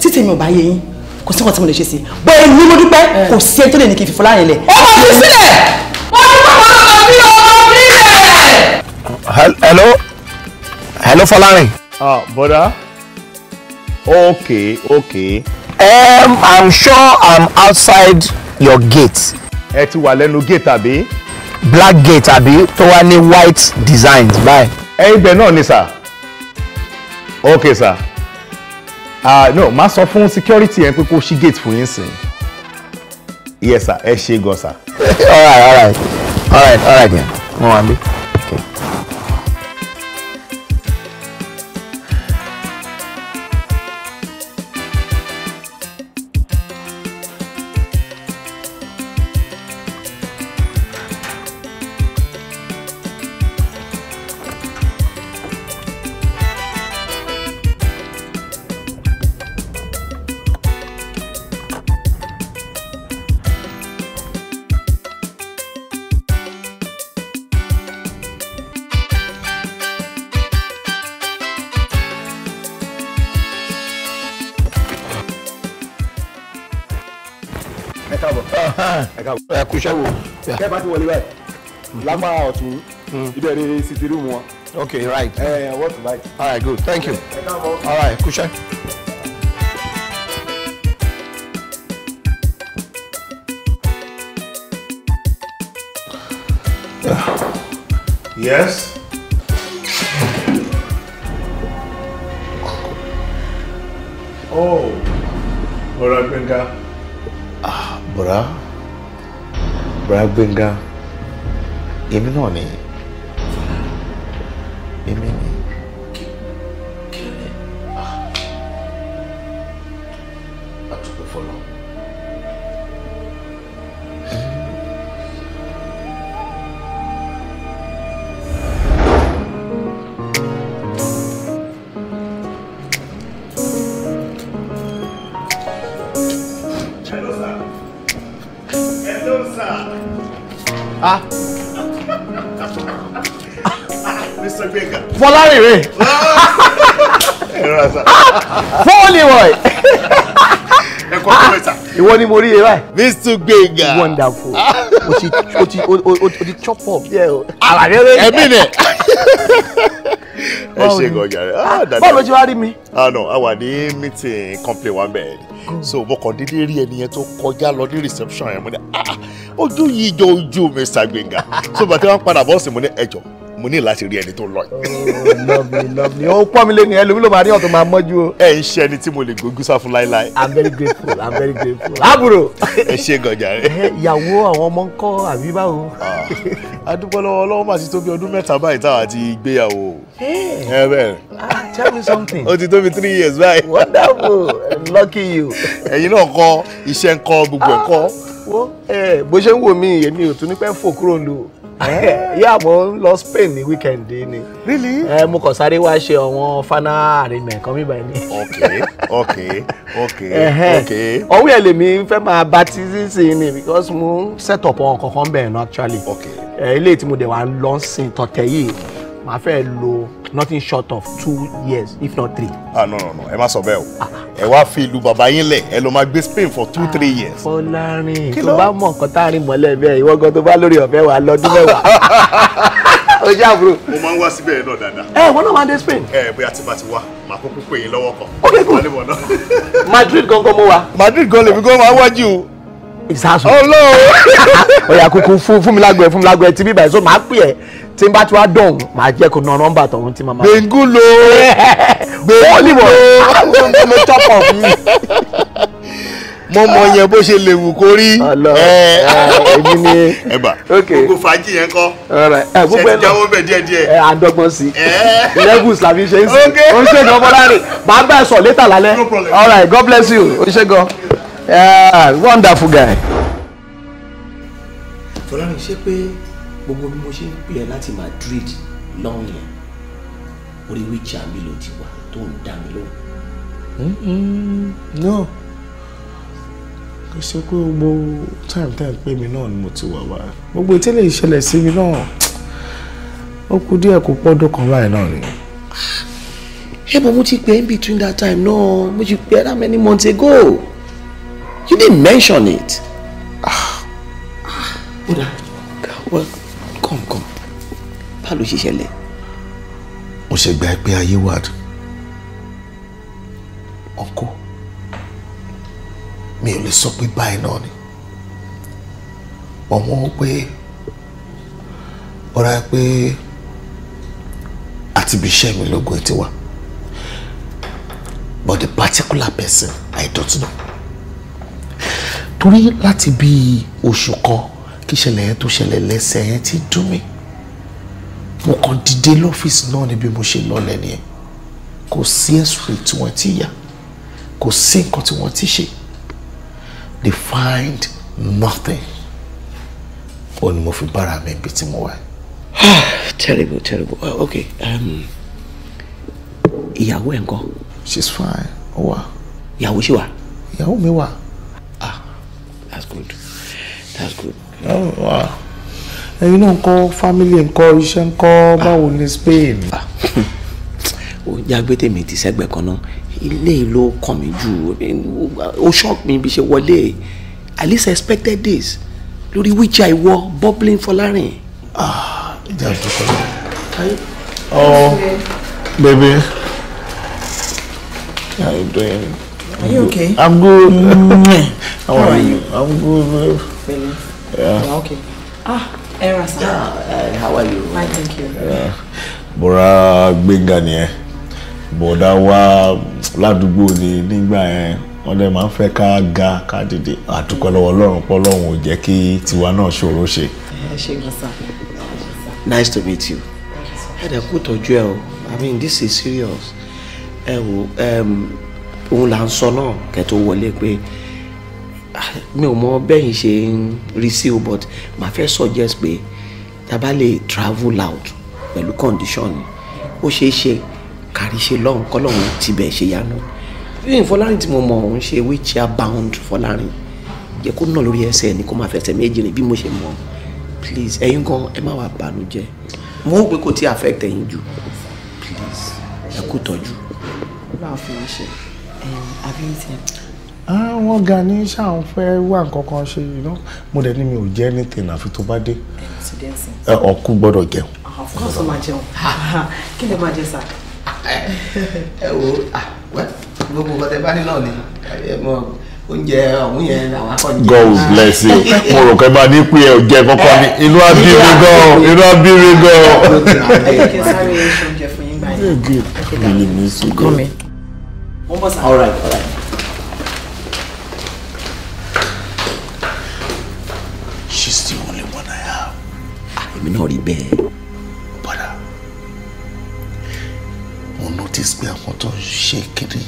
títí mi ò bá yé yín kò sí nǹkan tí mo lè ṣe sí i bọ́ èmi mo dúpẹ́ kò sí ẹni tó lè ní kí n fi fọlá yẹn lẹ̀. ó mọ̀ fi sílẹ̀ wọ́n ti kọ́ ọ̀rọ̀ mi ọ̀rọ̀ mi lẹ̀. hello hello Fọlárin. ah bọ́dà okay okay um, I'm sure I'm outside your gate ẹ ti wà lẹ́nu gate àbí. black gate àbí tó wá ní white designs báyìí. ẹ ibẹ̀ náà ni sà ok sà ah uh, no má sọ fún security yẹn pé kó ṣí gate fún yín sìn yes sir ẹ ṣe gan sir. all right all right all right all right yẹn mo wà bí. ẹ kú wo. kẹ́ẹ̀ bá ti wọlé báyìí mm-hmm. lápá ọ̀tún ibẹ̀ ni sitiri wọn. ok right. ẹ ẹ wọ́n tún báyìí. all right good thank you. ẹ káàbọ̀. all right kú Yes? Oh, Bora Gbenga. Ah, Bora. Brad Gbénga èmi náà nìyí. ni mo rí e báyìí. mr gbẹ̀ngà. wonderful ah. o ti o ti o ti chop up díẹ̀ o. àlàyé rẹ. ẹ̀mí nẹ̀. (laughs) ẹ ah, ṣe gọjà rẹ. bọ́ọ̀lù ti wá rí mi. àná ah, a ní meeting complain wa bẹ́ẹ̀ ni so mo kàn déédéé rí ẹni yẹn tó kọjá lọ ní reception yẹn mo ní ojú yìí jọ ojú mr gbẹ̀ngà (laughs) so bàtẹ́ wọn padà bọ́ọ̀sì mo ní ẹjọ́ mo ní láti rí ẹni tó lọ oh, lovely lovely ó pọ́n mi lé ní ẹlòmí máa rí ọ̀tún máa mọ́jú o. ẹ ń ṣe ẹni tí mo lè gbógun sá fún láéláé. i'm very grateful i'm very grateful. Aburo. ẹ ṣe gànjà rẹ. ìyàwó àwọn ọmọ ń kọ́ àbí báwo. adúpẹ́ ah, lọ́wọ́ ọlọ́wọ́ máa ti tó ọdún mẹ́ta báyìí táwa ti gbéyàwó. ẹ bẹ́ẹ̀. Ah, tell me something. ó ti tó three years báyìí. wonderful lucky you. ẹ̀yin náà kọ́ iṣẹ́ ń kọ́ gbogbo ẹ̀kọ́. Ah, eh, bó ṣe ń wò mí Eh, yíyá mo ń lọ Spain ní weekend ni really ẹ eh, mo kàn sáré wá ṣe àwọn final arrangement kan mi báyìí ni. ok ok ok ok. ọwọ́ ẹ̀ lèmi fẹ́ máa bá tí sísè ni because mo ń set up ọ̀hún kankan bẹ́ẹ̀ náà actually. ok ilé eh, tí mo dẹ̀ wá lọ sí tọ̀tẹ̀ yìí màá fẹ́ lo nothing short of two years if not three. ah no no no ẹ má sọ bẹ́ẹ̀ o ẹ wá fi ìlú bàbá yín lẹ̀ ẹ lọ máa gbé Spain for two three ah, years. fọlárin tó bá mọ nǹkan tá a rìn mọ́lẹ̀ bẹ́ẹ̀ ìwọ gan tó bá lórí ọ̀fẹ́ wa lọ́dún mẹ́wàá. o (laughs) jẹ́ àbúrò. mo máa ń wá síbẹ̀ náà dáadáa. ẹ eh, wọn náà máa dé Spain. ẹ eh, bóyá tí bá ti wá màá kúkú pè yín lọ́wọ́ kan. ó kékun (laughs) Madrid gangan mo wa. Madrid gan lèmi gan máa wájú o ìsásùn. ọlọ́run. ọ̀yà (laughs) kúkú fún mi lágbo ẹ̀ fún mi lágbo ẹ̀ tí bíbá ẹ̀ so máa pè ẹ́ tí n bá ti wá dọ̀hún màá jẹ́ kó ná nọ́mbà tọ̀hún tí màmá. gbẹ̀ngùn lo (laughs) gbẹ̀ngùn lo àwọn ọmọ mi top of me mo mọ yẹn bó ṣe lè wù kó rí. èmi ni ẹ bá gbogbo fàájì yẹn kọ ṣe ti jáwọ́ bẹ̀ díẹ̀ díẹ̀. ẹ àdọ́gbọ́n sí levels làbí ṣe ń sìn ó ń ṣègùn ọmọláre màá bá ẹ sọ létà lálẹ́ all right god bless you ó ṣe gan wonderful guy. tọ́lá ní ṣe pé gbogbo bí mo ṣe ń pè ẹ́ láti Madrid lọ́hùn yẹn orí wíjà mi ló ti wà tó ń dá mi lóhùn. Mm-hmm. no kò ṣe pé gbogbo time time pé mi náà ni mo ti wà wá gbogbo ìtẹ́lẹ̀ ìṣẹ̀lẹ̀ sí mi náà ó kú díẹ̀ kó pọ́dún kan báyìí náà ni. ẹ bọ̀ mo ti pè é in between that time náà no. mo ti pè é that many months ago you didn't mention it. Ah. Ah. ó dà ká kọ̀ọ̀kan báwo ló ṣe ṣẹlẹ̀. mo ṣe gba pé ayé wà ọkọ mi ò lè sọ pé báyìí náà ni ọmọ pé ọ̀rá pé àti iṣẹ́ mi lógun ti wá but the particular person I don't know torí láti bíi oṣù kan kí ìṣẹ̀lẹ̀ yẹn tó ṣẹlẹ̀ lẹ́sẹ̀ yẹn ti dùn mí mo kàn dìde lọ́fíìsì náà níbi mo ṣe lọ́lẹ̀ nìyẹn kò sí ẹ̀sùn tí wọ́n ti yà kò sí nǹkan tí wọ́n ti ṣe they find nothing ó ní mo fi bára mi ibi tí mo wà. (sighs) terrible terrible uh, okay um, ìyàwó ẹ̀ ń kọ́. she's fine ó wà. ìyàwó ṣì wà. ìyàwó mi wà. ah that's good that's good. Oh, ẹ̀yin náà ń kọ́ fámílì ń kọ́ iṣẹ́ ń kọ́ báwo ni Spain. ó ah. (laughs) jágbé tèmi ti sẹ́gbẹ̀ẹ́ kan náà ilé ìlú kàn mí jù ó shock mi bí ṣe wọlé at least I expected this lórí wíjà ìwọ bubbling fọlárin. Ah, ìjà ìdókòwò ọ bèbè. How you doing? Are you okay? I'm good. Mm-hmm. (laughs) How, are, are you? I'm good. Yeah. yeah okay. Ah, Era sir. Yeah, uh, how are you? Fine, thank you. Yeah. Bọ̀dá Gbénga nìyẹn. Bọ̀dá wa ládùúgbò ni nígbà yẹn wọ́n dẹ̀ máa ń fẹ́ ká ga ká dìde àdúpẹ́ lọ́wọ́ Ọlọ́run pọ́ lọ́run ò jẹ́ kí tiwa náà ṣòro ṣe. Ẹ ṣe gan sá. Nice to meet you. Ẹ dẹ̀ kú tọ́jú ẹ o. I mean this is serious. Ẹ wo um, òun là ń sọ náà kẹ́ wọlé pé mi ò mọ bẹ́yìn ṣe ń rí sí o but màá fẹ́ suggest pé tábà lè travel out pẹ̀lú condition ó ṣeé ṣe kárí ṣe lọ́hùn kọ́lọ́hùn tibẹ̀ ṣe yanu yìí fọlárin tí mo mọ̀ òun ṣe wheelchair bound fọlárin yẹ kó nà lórí ẹsẹ̀ ni kó máa fẹsẹ̀ méjì rìn bí mo ṣe mọ̀ please ẹ̀yin gan ẹ má wàá bànújẹ́ mo ń pè kó tí affect ẹ̀yin jù please ẹ kú tọ́jú. láàfin ṣe àbí ń tẹ. Ah, wọ́n ga ní ṣáà fẹ́ wá nǹkan kan ṣe iná mo dẹ̀ ní mi ò jẹ́ anything àfi tó bá dé eh, ọkú gbọ́dọ̀ jẹun. Ah, of course máa jẹun (laughs) kí lè máa jẹ sá. (laughs) ẹ wo ah, gbogbo nǹkan bá ní náà ni oúnjẹ ọ̀hún yẹn làwọn akọ́ni. God bless you mo rò pé máa ní pé ẹ ò jẹ kọ́kọ́ ní inú abíre gan-an inú abíre gan-an. ẹ jẹ́ kí n sáré oúnjẹ fún yín báyìí. ẹ gbé mi ní sùgbọ́n. mo bọ̀ sá. all right all right. èmi náà rí bẹ́ẹ̀. bọ́dà mo notice pé àwọn tó ń ṣe kiri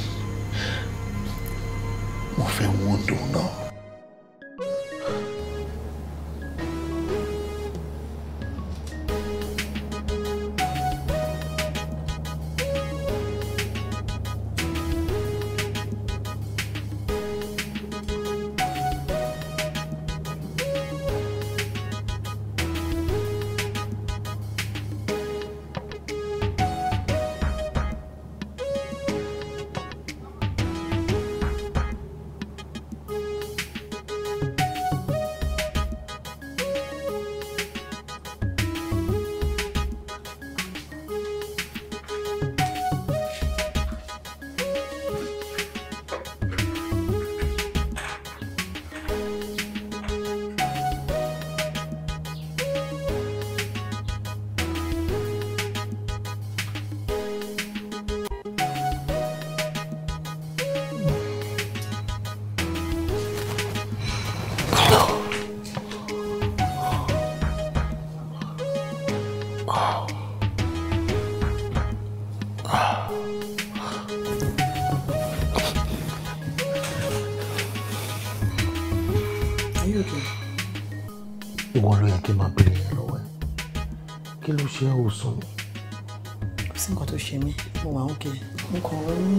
mo fẹ́ wọ́n dùn náà. wò sọ̀rọ̀. kò sí nǹkan tó ṣe mí mo wà òkè mo kàn ń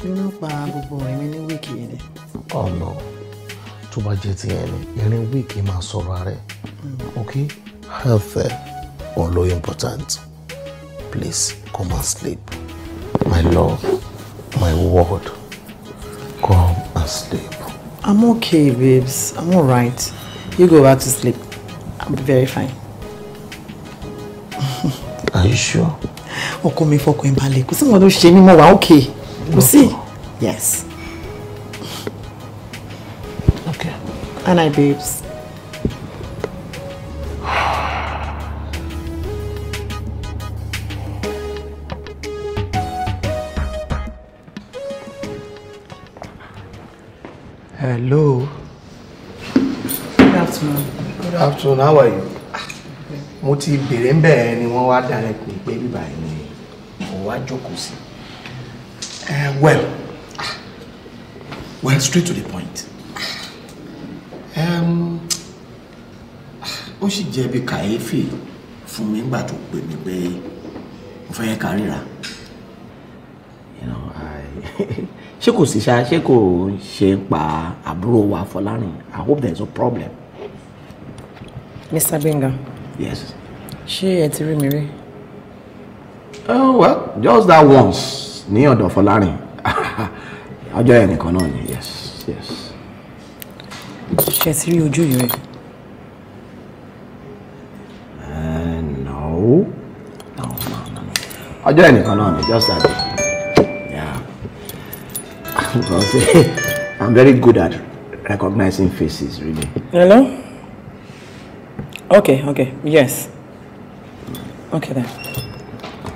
bínú pa gbogbo ẹ̀rín ní wíìkì yìí ni. ọ̀nà oh tó bá jẹ́ tiẹ̀ ni ẹ̀rín wíìkì máa sọ̀rọ̀ rẹ̀ hmm. ok health ẹ̀ ò lo important please come and sleep my love my word. come and sleep. I'm okay babes I'm alright you go back to sleep I'll be very fine you sure? ọkọ mi fọkàn ẹ balẹ̀ kò sí wọn ló ṣe okay. mọ́ wa yes. okay. good night babes. Hello. Good afternoon. Good afternoon. How are you? mo ti bèrè ń ni wọ́n wá direct mi pé bíbá ẹ̀ ni mo jókòó sí. Eh, well ah, well straight to the point. Ah, ó sì jẹ́ bí kàyéfì fún mi nígbà tó pè mí pé mo fẹ́ yẹ ká ríra. (laughs) ṣé kò sí ṣá ṣé kò ṣe ń pa àbúrò wa Fọlárìn I hope there is no problem. Mr. Benga. Yes ṣé ẹ ti rí mi rí. oh well just that once ní ọ̀dọ̀ fọlárin (laughs) ọjọ́ yẹn nìkan náà ni yes yes. ṣe ti rí ojú yìí rẹ. Eh, no no no no ọjọ́ yẹn nìkan náà ni just that day yeah (laughs) (laughs) i'm very good at recognizing faces really. hello okay okay yes. Okay then.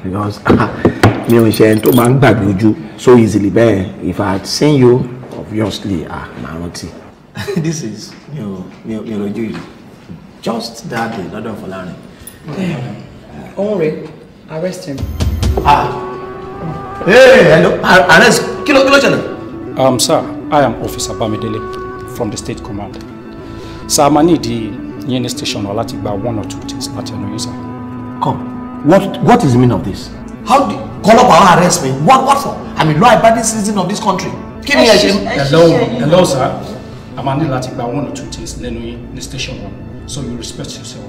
Because (laughs) mi ò ṣe ẹni tó máa ń gbàgbé so easily bẹ́ẹ̀ if I had seen you obviously ah máa rántí. (laughs) This is mi ò mi ò mi ò lójú yìí just that day lọ́dọ̀ Fọlárin. Eh, Ọ̀hún arrest him. Ah hey hello arrest kilo kilo kí ló Um, sir, I am Officer Bamidele from the State Command. Sir, a di ní station wa láti gba one or two things láti ẹnu yín sir. Come, what what is the meaning of this? How do call up our arrest me? What what for? I'm a law-abiding citizen of this country. Kí ni ẹ ṣe? Hello, hello, sir. I'm only ní láti one or two things lẹ́nu yín ní station one, so you respect yourself.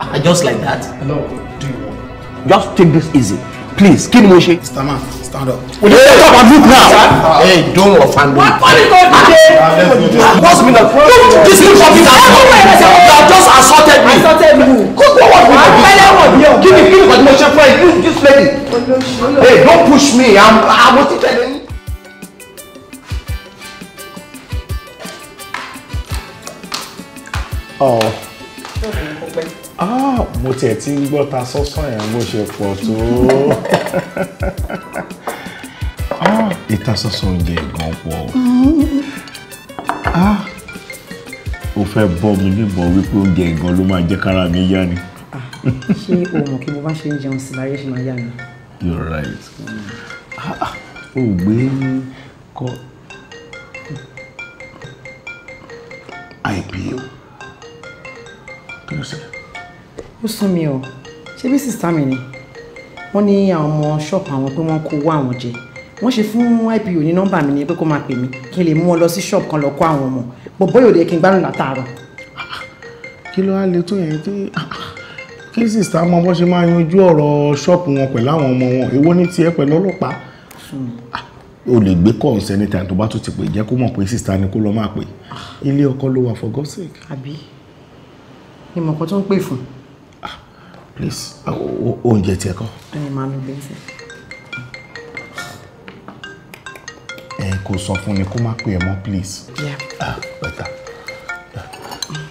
Ah, just like that? Hello, do you want? Just take this easy please kí ni mo ṣe. mr man stand up. will you shut up and look now. hey don't offend me. wọ́n ní kò dìde. boss me na don't dis me for peter you have just assaulted me. assaulted you. kó kó wọ́n fi my belle wọ̀ ní o. kí ni kí ni kò tí mo ṣe fún ẹ you this lady. hey don't push me i'm i'm oti tẹ̀lé ní. Oh ah mo tiẹ̀ ti ń gbọ́ ta sọ́sán yẹn bó ṣe pọ̀ tó (laughs) ah ìta sọ́sán oúnjẹ ìgbọ̀n pọ̀ ah o fẹ́ bọ́ mi níbọn wípé oúnjẹ ìgbọ̀n ló máa jẹ́ kára mi yá ni. Ah, ṣé o mọ̀ kí mo bá ṣe ń jẹun sí láyé ṣe máa yá mi. you're right. ah, ah o gbé kọ́ ó sún mi o ṣé bí sista mi ni wọ́n ní àwọn ọmọ ṣọ́ọ̀pù àwọn pé wọ́n kó owó àwọn jẹ wọ́n ṣe fún ipo ní nọ́mbà mi ni pé kó máa pè mí kí n lè mú wọn lọ sí ṣọ́ọ̀pù kan lọ kó àwọn ọmọ bọ̀bọ́ yóò dé kí n gbádùn látàárọ̀. kí ló wá le tó yẹn tí kí sista mọ bó ṣe máa yanjú ọ̀rọ̀ ṣọ́ọ̀pù wọn pẹ̀lú àwọn ọmọ wọn èwo ní tiẹ̀ pẹ̀lú ọlọ́pàá hmm. ah, o lè gbé kọ́ ọ̀sẹ̀ níta tó bá tún ti pè jẹ́ kó mọ̀ pé sista ni kó lọ máa pè ah. ilé ọkọ ló wà for God's sake. àbí ni mọ̀kọ́ tó ń pè fún un please oúnjẹ tiẹ̀ kọ́. ẹyin máa lọ bẹ́ẹ̀ sẹ́. ẹ kò sọ fún mi kó má pè é mọ́ please. ah better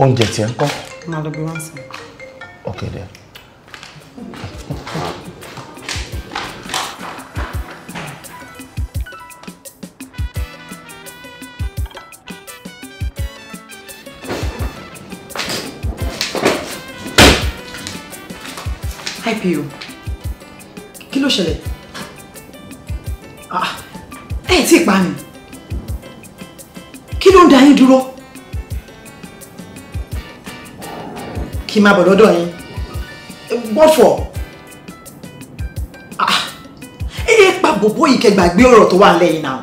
oúnjẹ tiẹ̀ ń kọ́. máa lọ bí wọ́n okay there. fi o kí ló ṣẹlẹ̀ ah, ẹ tí ì pa ni kí ló ń da yín dúró kí n máa bọ̀ lọ́dọ̀ yín what for ah, ẹ yẹ pa bòbó yìí kẹgbàgbé ọ̀rọ̀ tó wà lẹ́yìn náà.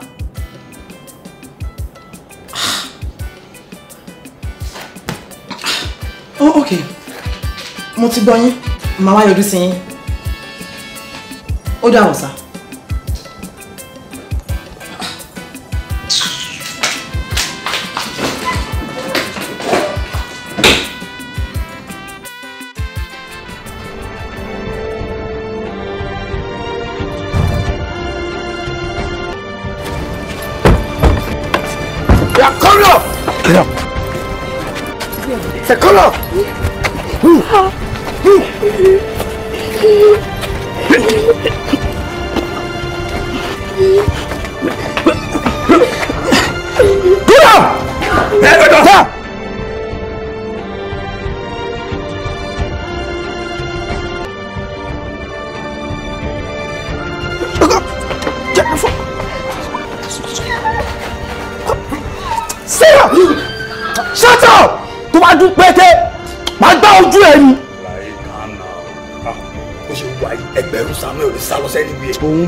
Ah. Oh, ok. Mo ti gbọ́ yín. Mama, wá yọjú sí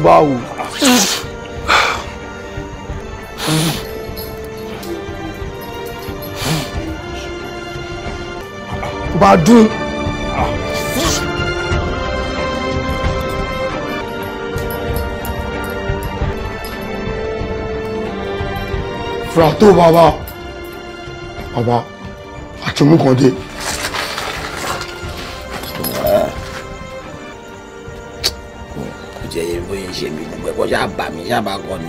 báwo. bá dún. fura tó bàbá bàbá àtúmùkàndé. ṣáàbà kọ ni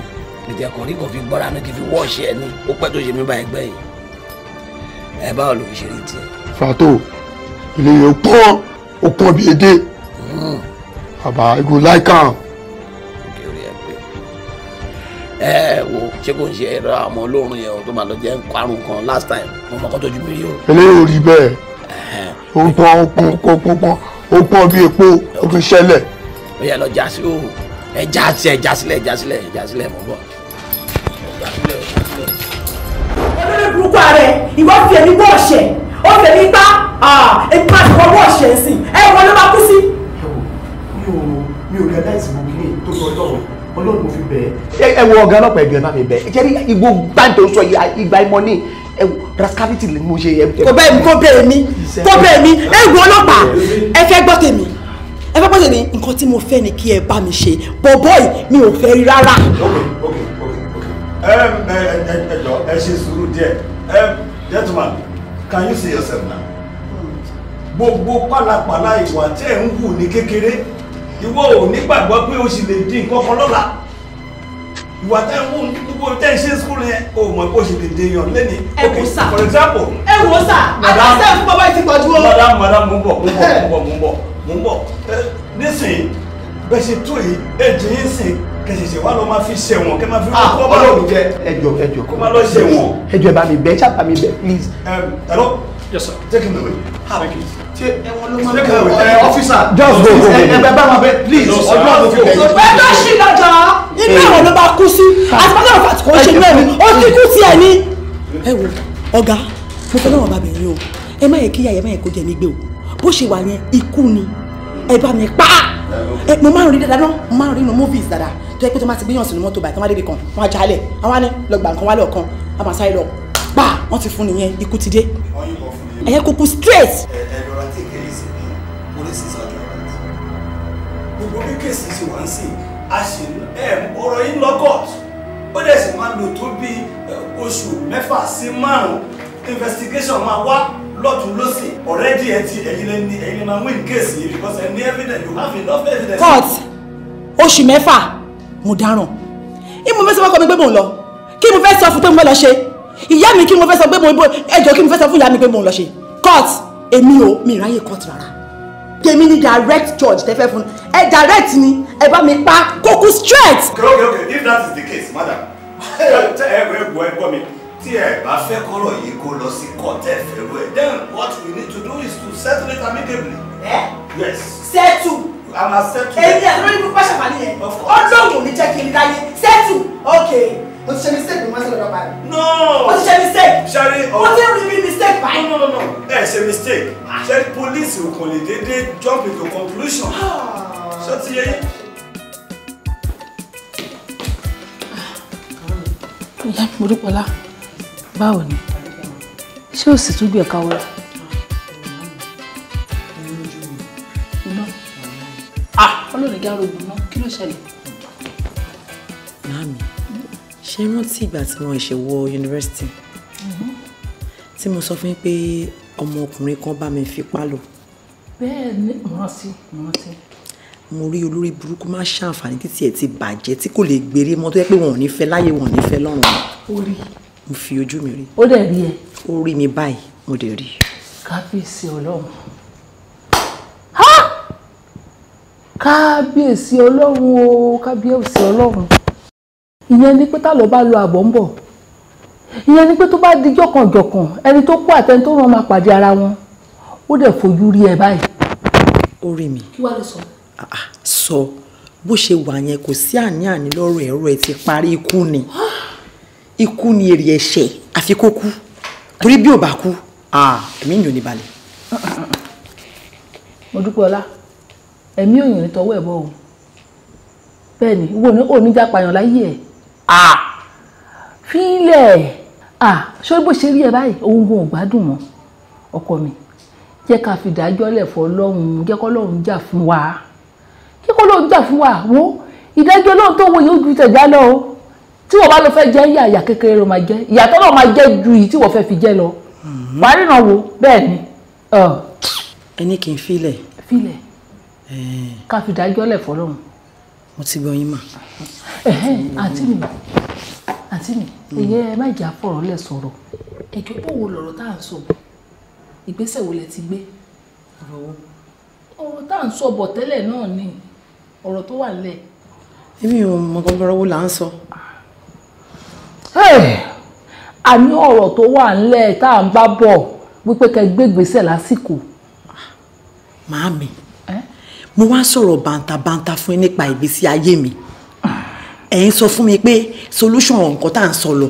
ìjẹ kọrí kò fi gbọ́ra mi kì í fi wọ́ọ̀ṣì ẹ ní ó pẹ́ tó ṣe mí bá ẹgbẹ́ yìí ẹ báwo ló ṣe rí tiẹ̀. fàtó ilé yẹn pọ́n ó pọ́n bíi èdè hmm. bàbá igun láìka. ẹ wo ṣé kò ń ṣe ẹ̀rọ àmọ́ olóorun yẹn o tó máa lọ jẹ́ nkwarun kan last time mo mọ̀ kó tó ju mi rí o. eléyìí ò rí bẹ́ẹ̀ ó pọ́n ó pọ́n ó pọ́n ó pọ́n bíi epo ó tún ṣẹlẹ̀. ó yẹ lọ jásí o ẹja sí ẹja sílẹ̀ ẹja sílẹ̀ ẹja sílẹ̀ mọ̀ bọ̀. olórí burúkú ààrẹ ìwọ fi èmi gbọ́ ọ̀ṣẹ̀ ó fi èmi gbá èmi máa fọwọ́ gbọ́ ọ̀ṣẹ̀ sí ẹ wọ ló máa kú sí. mi ò mi ò realize mo kí ni tó sọ ọlọ́run ọlọ́run mo fi bẹ̀ ẹ́. ẹ wo ọ̀gá ọlọ́pàá ẹ̀gbẹ́ máa mi bẹ̀ ẹ jẹ́ igbó gbáǹtò sọ ìgbà ìmọ̀ ni rascality ni mo ṣe. kò bẹ́ẹ̀ mi kò bẹ́ẹ̀ mi kò bẹ́ẹ̀ mi ẹ wo ọlọ́pàá ẹ fẹ́ gbọ́ tèmi ẹ fẹ́ pèsè ní nǹkan tí mo fẹ́ ni kí ẹ bá mi ṣe bọ̀bọ̀ yìí mi ò fẹ́ rí rárá. ok ok ok ok ẹ ẹ ẹ ẹ jọ ṣe sùúrù díẹ̀ gentleman can you see yourself now gbogbo pálapàla ìwà tẹ́ ẹ̀ ń hù ní kékeré ìwọ ò nígbàgbọ́ pé o sì lè di nǹkan kan lọ́la ìwà tẹ́ ń hù níbo tẹ́ ń ṣe school yẹn o mọ̀ pé o sì lè di èèyàn lẹ́ni ok for example. ẹ wò sà àtàṣe fún bàbá yìí ti pọ̀ o. madam madam mo ń bọ̀ mo ń bọ̀ mo ń bọ̀ mo ń bọ̀ mò ń bọ̀ nísìnyí bẹ́ẹ̀ ṣe tó yìí ẹ̀jẹ̀ yín sìn kẹsẹsẹ wa lọ ma fi ṣẹ̀wọ̀n kẹ ma fi wọn kọ ma lọ jẹ ẹjọ́ ẹjọ́ kọ ma lọ ṣẹ̀wọ̀n. ẹjọ́ ẹ bá mi bẹ̀ ẹ ṣàpà mi bẹ̀ please. hello yes sir take him away. ṣe ẹwọn ló máa ń bẹ ẹ ọfíìsà just go go ẹ bẹ bá ma bẹ please ọjọ́ àwọn òfin bẹ. ẹjọ́ ṣì lọ́jọ́ inú ẹ̀wọ̀n ló máa kú sí àtìmọ́tò ọ̀fà tí náà ni bá mi o ẹ má yẹ kíyà ẹ má yẹ kó jẹ mí o bó ṣe wà yẹn ikú ni ẹ bá mi pa á mo máa ń rí dáadáa náà mo máa ń rí inú movies dada. tó yẹ pé tó máa ti gbéyàn sínú mọ́tò báyìí tó máa débi kan wọ́n á jalè àwọn á ní lọ gbà nǹkan wá lọ́ọ̀kan á máa sáré lọ pa wọ́n ti fún nìyẹn ikú ti dé ẹ̀yẹ kúkú straight. ẹ ẹ lọ́ra tí èkéyìí sì ní polisi sàdúrà gbogbo bí kéèsì ṣe wà ń sìn a sì ọ̀rọ̀ yìí lọ ó dẹ̀ sì máa lò tó bí oṣù mẹ́fà sí márùn-ún investigation máa wá lọ́tún lọ́sì ọ̀rẹ́dì ẹ ti ẹ̀yin lẹ́ni ẹ̀yin máa win case yìí because ẹ ní evidence you have enough evidence. court oṣù mẹ́fà mo dáràn ìmọ̀ fẹ́ sọ fọ́kọ mi pé mo lọ kí mo fẹ́ sọ fún pé mo fẹ́ lọ ṣe ìyá mi kí mo fẹ́ sọ pé mo ẹjọ́ kí mo fẹ́ sọ fún ìyá mi pé mo lọ ṣe court èmi ò mi ìráyè court rárá tèmi ni direct church tẹ fẹ́ fún ẹ direct ni ẹ bá mi pa kókó straight. okay okay okay if that is the case madam ẹ ẹ gbọ́ mi tí ẹ bá fẹ́ kọ́rọ̀ yìí kó lọ sí kọ́tẹ́ fẹ́rú ẹ̀ then what we need to do is to settle it amicably. ẹ eh? yes. settle. a máa settle. èyí ẹ̀ lórí pípa ṣàfàní yẹn ọlọ́run ò ní jẹ́ kí n láyé settle okay o ti ṣe mistake ní mọ́sílẹ̀ ọ̀dọ́ báyìí. no o ti ṣe mistake. sari ọ o ti oh. rí bí mistake báyìí. no no no ẹ ṣe mistake sari ah. police ò kàn lè déédéé jump into conclusion. Ah. ṣé o ti yẹ yín. Ọlá ah. Mọ́dúpọ̀lá báwo ni ṣé o sì tún gbé ẹ̀ka wọ́rọ̀. Ah! ọlọ́run ìjà rògbò náà kí ló ṣẹlẹ̀. màámi ṣe rántí ìgbà tí wọn ṣe wọ yunifásitì mm-hmm. tí mo sọ fún yín pé ọmọkùnrin kan bá mi fipá lò. bẹ́ẹ̀ ni mo rántí mo rántí mo rí olórí burúkú má ṣàǹfààní títí ẹ ti bàjẹ́ tí kò lè gbèrè mọ́ tó yẹ pé wọn ò ní fẹ́ láyé wọn ò ní fẹ́ lọ́rùn. orí mo fi ojú mi rí. ó dẹ̀ rí ẹ. ó rí mi báyìí mo dẹ̀ rí. kábíyèsí ọlọ́run kábíyèsí ọlọ́run o kábíyèsí ọlọ́run ìyẹn ni pé tálọ́ bá lọ àbọ̀ ń bọ̀ ìyẹn ni pé tó bá di jọ̀kànjọ̀kàn ẹni tó kú àtẹni tó rán máa pàdé ara wọn ó dẹ̀ fojú rí ẹ báyìí. ó rí mi. kí wàá lọ sọ. Ah, ah, sọ bó ṣe wà yẹn kò sí àní-àní lọ́rọ̀ ẹ̀rọ ẹ̀ ti parí ikú ni ikú ni èrè ẹ̀ṣẹ̀ àfi kó kú torí bí ò bá kú ẹ̀mí ìyàn ní balẹ̀. mo dúpẹ́ ọlá ẹ̀mí òyìn ní tọwọ́ ẹ̀ bọ́ o bẹ́ẹ̀ ni wo ni òní já pààyàn láyé ẹ̀ fílẹ̀ ṣé bó ṣe rí ẹ báyìí òun gan ò gbádùn mọ́ ọkọ mi jẹ́ ká fi dájọ́ lẹ̀ ọlọ́run jẹ́ kọ́ ọlọ́run jà fún wa jẹ́ ọlọ́run jà fún wa wo ìdájọ́ ọlọ́run tó wọ yóò ju tẹ̀já lọ o tí wọ́n bá lọ fẹ́ jẹ́ yà yà kékeré ló máa jẹ́ ìyàtọ̀ náà máa jẹ́ ju yìí tí wọ́n fẹ́ fi jẹ́ lọ mm-hmm. wàá rìnà wo bẹ́ẹ̀ ni. ẹni kì í filẹ̀. filẹ̀ ká fi dájọ́ lẹ̀ fọlọ́run. mo ti gbọ́ yín mà. àǹtí mi àǹtí mi ìyẹn mm. ẹ má jà fọ̀rọ̀ lẹ̀ sọ̀rọ̀ ẹjọ́ bó wo lọ̀rọ̀ tá à ń sọ ìgbésẹ̀ wo lẹ ti gbé ọ̀rọ̀ tá à ń sọ bọ̀ tẹ́lẹ̀ náà ni ọ̀rọ̀ tó wà lẹ̀. èmi ò mọ̀ gbọ́dọ̀ wo là ń sọ. Ah àní ọ̀rọ̀ tó wà ńlẹ̀ tá à ń bá bọ̀ wípé kẹ́ gbé ìgbésẹ̀ lásìkò. màámi mo wá sọ̀rọ̀ bàǹtàbàǹtà fún yín nípa ìgbésí ayé mi ẹ̀ ń sọ fún mi pé solution nǹkan tá à ń sọ lọ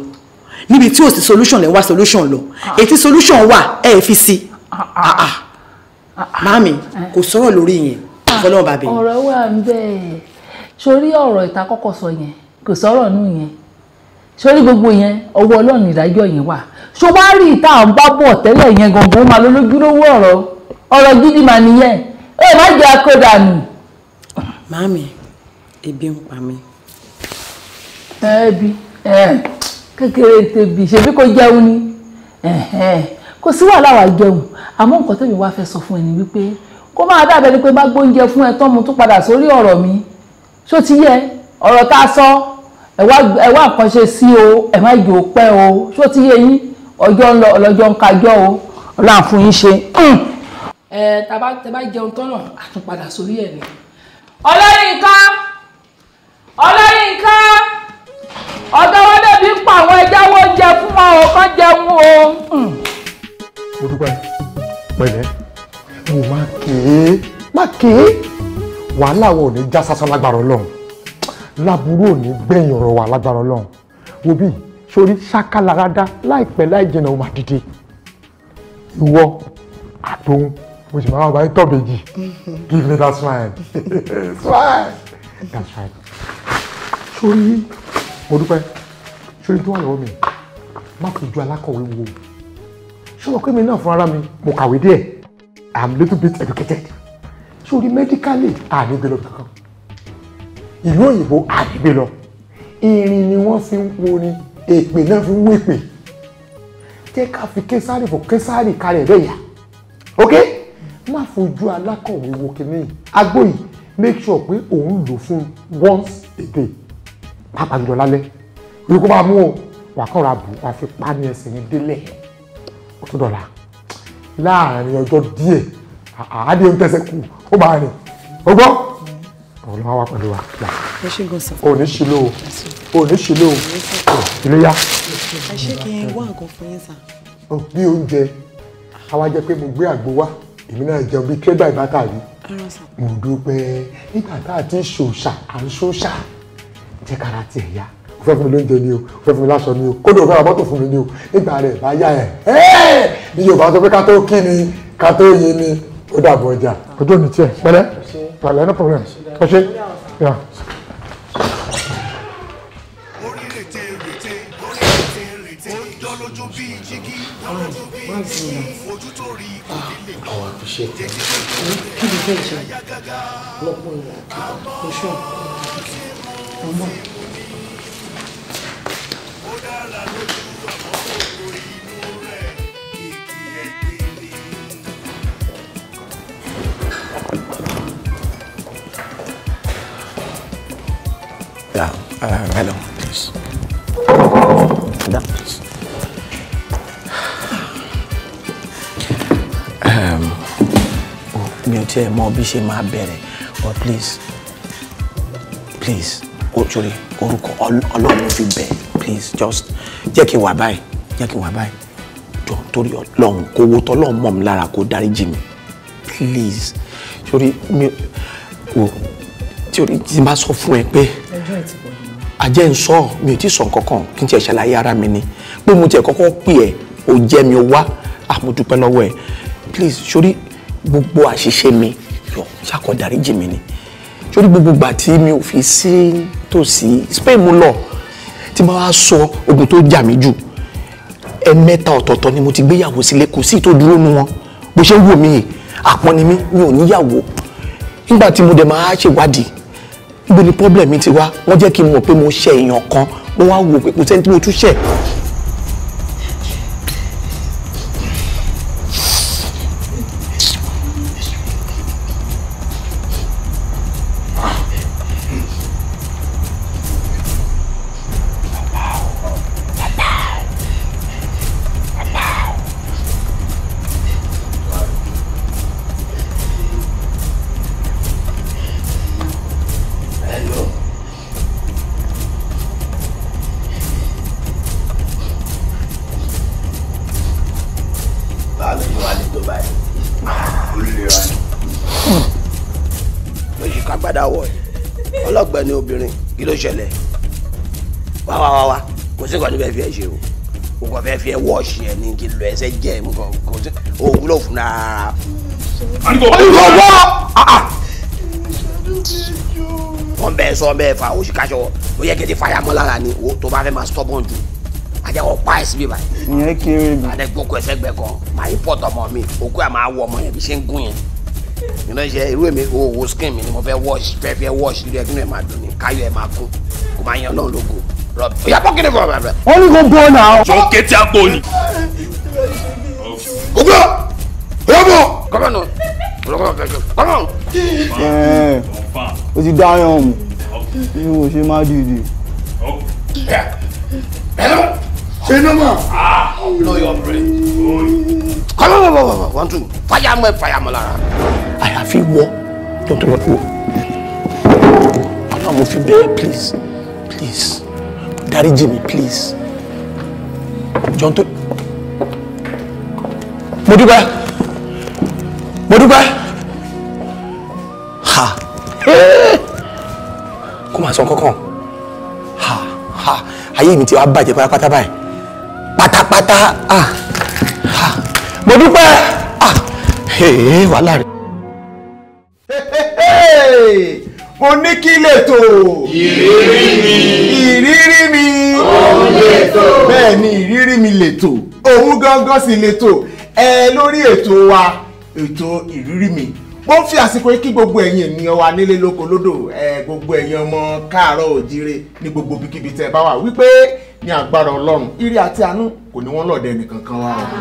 níbi tí ò sí solution lè wá solution lọ ah. ètí solution wà ẹ̀ fi sí ah, ah, màámi eh. kò sọ̀rọ̀ lórí yẹn fọlọ́ọ̀bàbẹ̀. ọ̀rọ̀ wà ń bẹ́ẹ̀ sórí ọ̀rọ̀ ìtakọ́kọ̀ yẹn kò sọ̀rọ̀ nù yẹn sórí gbogbo yẹn ọwọ́ ọlọ́run ìdájọ́ yẹn wà ṣó wá rí ìta àwọn bá bọ̀ tẹ́lẹ̀ yẹn gangan ó máa lólójúlówó ọ̀rọ̀ ọ̀rọ̀ gidi mà nìyẹn ẹ má jẹ́ akódà nù. màámi ebi ń pa mí. ẹbí kékeré tèbi ṣèbí kò jẹun ni kò sí wàhálà wà jẹun àmọ́ nǹkan tèmi wá fẹ́ sọ fún ẹ ni wípé kó máa dábẹ́ ni pé má gbóúnjẹ fún ẹ tán mo tún padà sórí ọ̀rọ̀ mi ṣó ti yẹ ọ̀rọ̀ tá a sọ ẹ wá ẹ wá nǹkan ṣe sí o ẹ má jò pẹ́ o ṣó ti yé yín ọjọ́ ń lọ ọlọ́jọ́ ń kájọ́ o ọlọ́run fún yín ṣe. Hmm. ẹ tàbá tàbá jẹun tọ́nà àtúnpadà sórí ẹ̀ ni. Ọlọ́yinká Ọlọ́yinká ọ̀dọ́ wọn dẹ̀bi ń pa àwọn ẹja wo jẹ fún wọn o kán jẹun o. Hmm. mo dúpẹ́ pẹ̀lẹ́ mo máa kéé máa kéé wàhálà wo ò ní já sásán lágbára ọlọ́run láburú ò ní gbẹ̀yìn ọ̀rọ̀ wa lágbára ọlọ́run wo bí sórí ṣákàlàradá láìpẹ́ láì jìnnà ó máa dìde ìwọ àtòun mo sì máa wà báyìí tọ̀bẹ̀jì give me that smile (laughs) smile that's right sórí mo dúpẹ́ sórí tó wà lọ́wọ́ mi má fojú alákọ̀wé wo sọ̀rọ̀ pé mi náà fún ara mi mo kàwé díẹ̀ i'm little bit educated sórí medically àní gbẹlọ́dún kankan ìlú òyìnbó àgbègbè lọ irin ni wọ́n fi ń worin èpè náà fi ń wépè jẹ́ ká fi késàrì fò késàrì kalẹ̀ bẹ́ẹ̀ yá ok má fojú alákọ̀wé wo kìíní agbó make sure pé òun lò fún once a day pàápàá jùlọ lálẹ́ ìlú kó bá mú o wà kàn ra bù wà fi pa ní ẹsẹ̀ yìí délẹ̀ ó tún dọ̀la láàárín ọjọ́ díẹ̀ àádé ń tẹ̀sẹ̀ kù ó bá rìn ó gbọ́. Ọlọ́run wà pẹ̀lú wa. ẹ ṣe gan sàn. òní ṣìlò òní ṣìlò ìlú yá. ẹ ṣe kí n wá nǹkan fún yín sàn. bí oúnjẹ àwa jẹ pé mo gbé àgbo wá èmi náà jẹun bíi kébà ìbátà rí. mo dúpẹ́ nígbà tá a ti ṣòṣà à ń ṣòṣà jẹ́ kára tiẹ̀ yá o fẹ́ fún mi lóúnjẹ ni o fẹ́ fún mi láṣọ ni o kódà fẹ́ ra fún mi ni o nígbà rẹ̀ bá yá ẹ̀ ní Yorùbá sọ pé ká tó kí ni ká tó yé ni ó dàbọ̀ ọjà. ọjọ́ mi tiẹ̀ pẹ́lẹ́. Vale, no problem. Okay? Yeah. Àwọn àfiṣe kí ni bẹ́ẹ̀ ṣe lọ́pọ̀ ìwà oṣù Uh, madam, please. Madam, please. Um, oh, mi ò tiẹ̀ mọ bí ṣe máa bẹ̀rẹ̀ but please please ojúre orúkọ ọlọ́run fi bẹ̀ please just jẹ́ kí n wà báyìí jẹ́ kí n wà báyìí jọ torí ọlọ́run kò wo tọ́lọ́run mọ̀ mi lára kó dáríjì mi please sori mi wo tí o ti máa sọ fún ẹ pé. ẹjọ́ ẹ ti bọ̀ àjẹ́ ń sọ mi ò tí sọ nǹkankan kí n tiẹ̀ ṣàlàyé ara mi ni pé mo tiẹ̀ kọ́kọ́ pè ẹ́ ò jẹ́ mi wá àmójúpẹ́ lọ́wọ́ ẹ̀ please sórí gbogbo àṣìṣe mi yọ ṣàkọ̀dáríjì mi ni sórí gbogbo ìgbà tí mi ò fi sí tòsí Spain mo lọ tí mo wá sọ ogun tó jà mí jù ẹ̀mẹ́ta ọ̀tọ̀ọ̀tọ̀ ni mo ti gbéyàwó sílé kò sí tó dúró nu wọn bó ṣe ń wò mí àpọ́n ni mí mi ò níyàwó nígbà tí mo dẹ̀ máa ṣèwádìí ibi ni problem mi ti wá wọ́n jẹ́ kí n mọ̀ pé mo ṣe èèyàn kan wọ́n wá wò pé kò sẹ́ni tí mo tún ṣẹ̀ ló fẹ́ fi ẹ ṣe o o kò fẹ́ fi ẹ wọ́ọ̀ṣì ẹ ní kí lọ ẹsẹ̀ jẹ́ nǹkan kò sí o wúlò fún rárá. àdìgbò wá. Ah, ah. wọ́n bẹ́ẹ̀ sọ bẹ́ẹ̀ fa oṣù kaṣọ ó yẹ kí n ti fàyà mọ́ ni o tó bá fẹ́ máa stọ́bọ̀n jù àjẹ́ kò pa ẹ̀sìn bíbá. ìyẹn kéré bi. àdẹ gbókò ẹsẹ̀ gbẹ kan màá yí pọ̀tọ̀ ọmọ mi òkú ẹ̀ máa wọ ọmọ yẹn bí ṣe ń gún yẹn nínú iṣẹ́ irú èmi owó skin mi ni mo fẹ́ wọ́ọ̀ṣì fẹ́ fẹ́ wọ́ọ̀ṣì lórí ẹgbẹ́ mi máa dùn ní káyọ̀ ẹ̀ máa kún kó máa yan náà lógo rọbì ó yà bọ́ kíni bọ̀ bẹ̀rẹ̀. wọ́n ní kò gbọ́ náà. jọ kété Come on. Come on. kọ́mọ̀nù kọ́mọ̀nù. ẹ̀ẹ́ o ti dá yàn mù bí mo ṣe má dìde. hello ṣe Ah, mọ̀. blow your brain. come on, come on. one two fire mọ́ ẹ̀ fire mọ́ lára. àyàfi wọ tó tó lọ wọ. ọlọ́run mo fi bẹ́ẹ̀ please please. Daddy Jimmy, please John to. mo dúpẹ́ mo dúpẹ́ ha kó máa sọ Ha ha ha ayé mi ti wá bàjẹ́ pátápátá Pata pátápátá ha ah. ha mo dúpẹ́ ah wàhálà rẹ̀. mo ní kí lètò. ìrírí mi. ìrírí mi. òun lètò. bẹ́ẹ̀ ni ìrírí mi lètò òun gangan sì lètò ẹ lórí ètò wa ètò ìrírí mi mo ń fi àsìkò yìí kí gbogbo ẹ̀yin ènìyàn wa nílé lóko lódò ẹ gbogbo ẹ̀yin ọmọ káàárọ̀ òjíire ní gbogbo bíkíbi tẹ́ ẹ bá wà wípé ní agbára ọlọ́run ire àti àánú kò ní wọ́n lọ̀dẹ̀ nìkan kan wa o.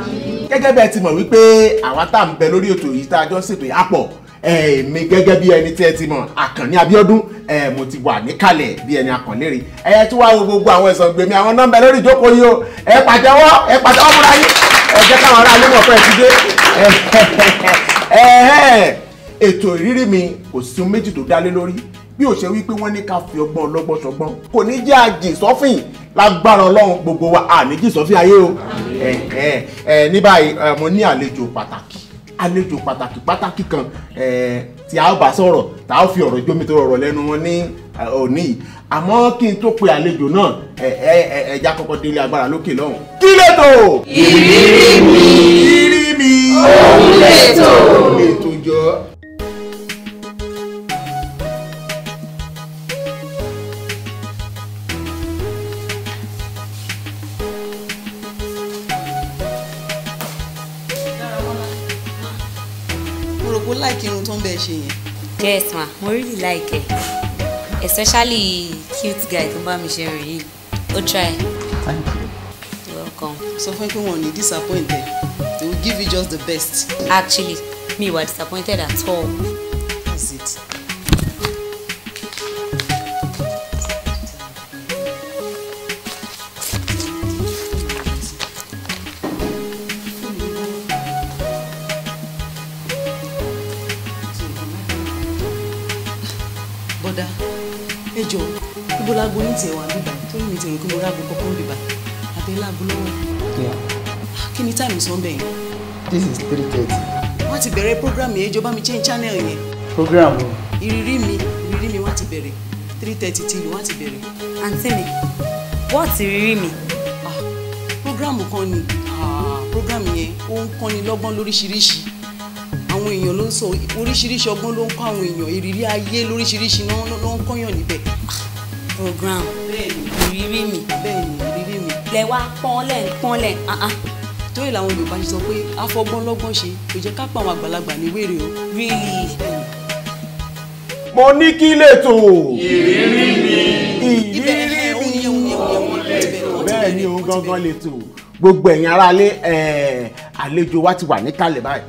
gẹ́gẹ́ bẹ́ẹ̀ ti mọ̀ wípé àwa tá à ń bẹ lórí ètò yìí tá a jọ ṣètò yìí á pọ̀ èmi gẹ́gẹ́ bí ẹni tí ẹ ti mọ̀ àkànní abíọ́dún mo ti wà níkàlẹ̀ bí ẹni akànlérè ẹ tún wá gbogbo àwọn ẹ̀sán gbèmí àwọn nọ́mbà lórí ìjókòó yìí o ẹ pàtẹ́wọ́ ẹ pàtẹ́wọ́ múra yín ẹ jẹ́ káwọn ará ilé mọ̀ fẹ́ ti dé (laughs) ètò ìrírí mi kò sí ohun méjì tó dálé lórí bí ò ṣe wí pé wọ́n ní ká fi ọgbọ́n ọlọ́gbọ́n sọgbọ́n kò ní jẹ́ àjì sọ́fìn lágbára ọlọ́run gbogbo wa àníjì sọ́fìn ayé o ní báyìí mo ní àlejò pàtàkì àlejò pàtàkì pàtàkì kan tí a bá sọ̀rọ̀ tá a fi ọ̀rọ̀ jómi tó rọrọ̀ lẹ́nu wọn ní òní àmọ́ kí n tó pe àlejò náà ẹ̀já kọ́kọ́ délé agbára lókè lọ́hùn. kí lètò. ìrírí mi ìrírí mi òun lètò. lètò jọ. ṣe yẹn. yes ma mo really like it, especially cute guy tó bá mi ṣe rìn yìí ó try. thank you. welcome. sọ fún pé wọn ò ní disappointed they will give you just the best. actually me wà disappointed at all. aago ní tiẹ̀ wà bíbá tó ní tiẹ̀ kí mo rágo kọ́kọ́ bíbá abẹ́lẹ́ aago lọ́wọ́ kí ni táìmù sọ bẹ́ẹ̀ this is three thirty. wọ́n ti bẹ̀rẹ̀ program yẹn ìjọba mi change channel yẹn. program o. ìrírí mi ìrírí mi wọ́n ti bẹ̀rẹ̀ three thirty tv wọ́n ti bẹ̀rẹ̀. àǹtí mi wọ́ọ̀tì ìrírí mi. Ah, program kan ni ah, program yẹn ó ń kọ́ni lọ́gbọ́n lóríṣiríṣi àwọn èèyàn ló ń sọ oríṣiríṣi ọgbọ́n ló ń kọ́ àwọn èèyàn ìrírí ayé lóríṣiríṣi ló ń kọ́yàn níbẹ̀ program ìrírí mi ìrírí mi lẹ wá pọ́nlẹ̀ pọ́nlẹ̀ làwọn Yorùbá ṣe sọ pé afọgbọ́n lọ́gbọ́n ṣe kò jẹ́ ká pa àwọn àgbàlagbà ní wèrè o. really. mo ní kí lè tò. ìrírí mi. ìrírí mi bẹ́ẹ̀ ni òun gangan lè tò gbogbo ẹ̀yin aráalé àlejò wa ti wà níkàlẹ̀ báyìí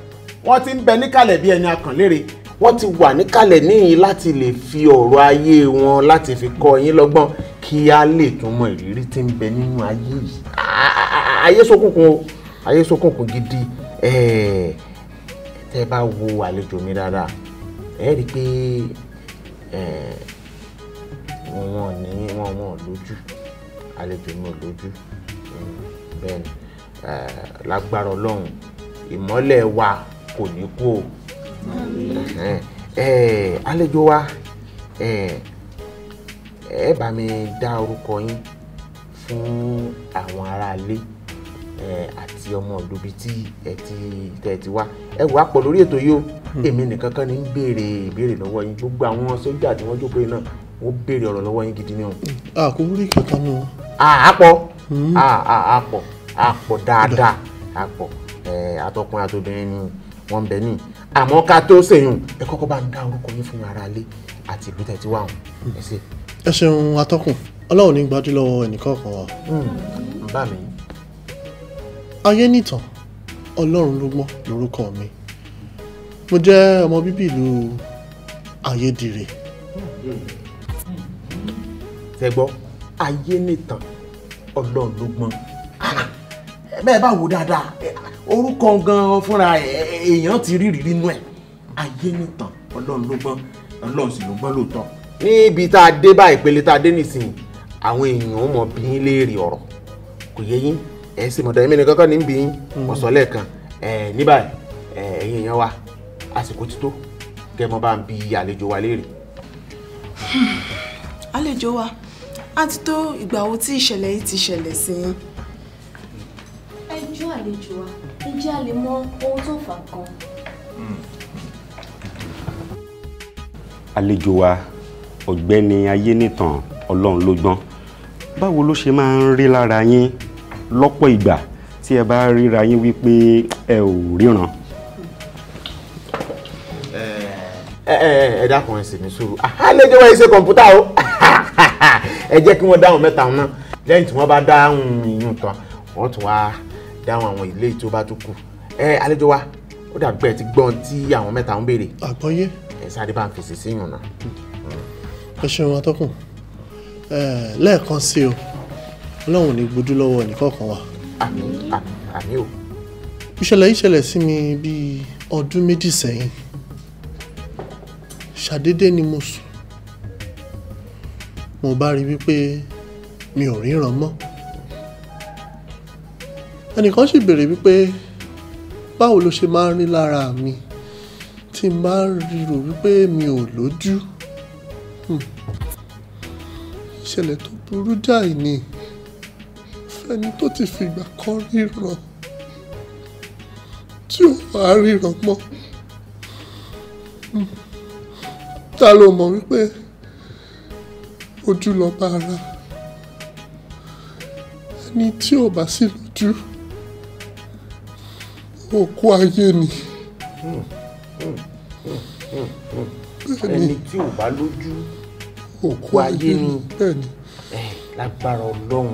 wọ́n ti ń bẹ níkàlẹ̀ bí ẹni akànlére wọ́n ti wà níkàlẹ̀ níyìn láti lè fi ọ̀rọ̀ ayé wọn láti fi kọ́ yín lọ́gbọ́n kí á lè tún mọ ìrírí tí ń bẹ nínú ayé yìí ayé ṣókùnkùn ayé ṣókùnkùn gidi tẹ́ bá wo àlejò mi dáadáa ẹ rí i pé wọn ní wọn wọn lójú àlejò mi ò lójú bẹ́ẹ̀ lágbára ọlọ́run ìmọ́lẹ̀ wa kò ní kú o àlejò wa ẹ bá mi dá orúkọ yín fún àwọn aráalé àti ọmọ ìlúbi tí ẹ ti tẹ ẹ ti wá ẹ wà pọ̀ lórí ètò yìí o hmm. èmi nìkan kan ní ń béèrè ìbéèrè lọ́wọ́ yín gbogbo àwọn sójà tí wọ́n jókòó yìí náà wọ́n béèrè ọ̀rọ̀ lọ́wọ́ yín gidi ni o. àkórí rí kankan nù. àpọ̀ àpọ̀ hmm. àpọ̀ dáadáa àpọ̀ àtọkùnrin àtobìnrin ni wọ́n ń bẹ ní àmọ́ ká tó ṣèyún ẹ kọ́kọ́ bá ń dá orúkọ yín fún ara lé àti ìlú tẹ̀ tí wà hùn ẹ ṣe. ẹ ṣeun atọ́kùn ọlọ́run ní gbájú lọ́wọ́ ẹnìkọ̀ọ̀kan wa. Hmm, bá mi. ayé nìtàn ọlọ́run ló gbọ́n lórúkọ mi mo jẹ́ ọmọ bíbí ìlú ayédèrè. ṣẹ́gbọ́ ayé nìtàn ọlọ́run ló gbọ́n bẹ́ẹ̀ bá wò dáadáa orúkọ gan fúnra èèyàn ti rí ìrírí inú ẹ̀ ayé nìtàn ọlọ́run ló gbọ́n ọlọ́run sì ló gbọ́n lóòótọ́. níbi tá a dé bá ìpele tá a dé nísìnyí àwọn èèyàn ò mọ bí yín léèrè ọ̀rọ̀ kò yé yín ẹ̀ sì mọ̀dọ̀ ẹ̀mí ni kankan ní bí yín ọ̀sán lẹ́ẹ̀kan ẹ̀ ní báyìí ẹ̀yin èèyàn wa àsìkò ti tó kẹ́ mọ́ bá ń bi àlejò wa léèrè. (sighs) àlejò wa a ti tó ìgbà wo tí ìṣẹ̀lẹ̀ yìí ti ṣẹlẹ̀ sí yín àlejò wa ẹ jẹ́ a lè mọ ohun tó fà gan. àlejò wa ọ̀gbẹ́ni ayénìtàn ọlọ́run ló gbọ́n báwo ló ṣe máa ń rí lára yín lọ́pọ̀ ìgbà tí ẹ bá ríra yín wípé ẹ ò ríran. ẹ ẹ ẹ dákun ẹ sì ní sùúrù ah, àlejò wa yìí ṣe kọ̀ǹpútà o (laughs) ẹ jẹ́ kí wọ́n dáhùn mẹ́ta náà lẹ́yìn tí wọ́n bá dáhùn ìyún tán wọ́n tún wá dáhùn àwọn ilé tó bá tún kù ẹ àlejò wa ó dàgbẹ́ ti gbọ́n tí àwọn mẹ́ta ń béèrè. àgbọ́yé. ẹ sáré bá ń fèsì sí ìyànnà. ẹ ṣeun atọ́kùn lẹ́ẹ̀kan sí o ọlọ́run ò ní gbójú lọ́wọ́ ẹnìkọ̀ọ̀kan wa. àmín àmín àmín o. ìṣẹ̀lẹ̀ yìí ṣẹlẹ̀ sí mi bíi ọdún méjì sẹ́yìn ṣàdédé ni mo sùn mo bá rí wípé mi ò ríran mọ́ ẹnìkan sì béèrè wípé báwo ló ṣe máa ń rí lára mi tí n bá ń rírò wípé mi ò lójú hmm. ìṣẹ̀lẹ̀ tó burú jáì ni fẹ́ni tó ti fìgbà kan ríran tí ò wá ríran mọ́ hmm. ta ló mọ̀ wípé ojú lọ́ba ara ẹni tí ò bá sí lójú òkú ayé ni. ẹni tí ò bá lójú òkú ayé ni lágbára ọlọ́run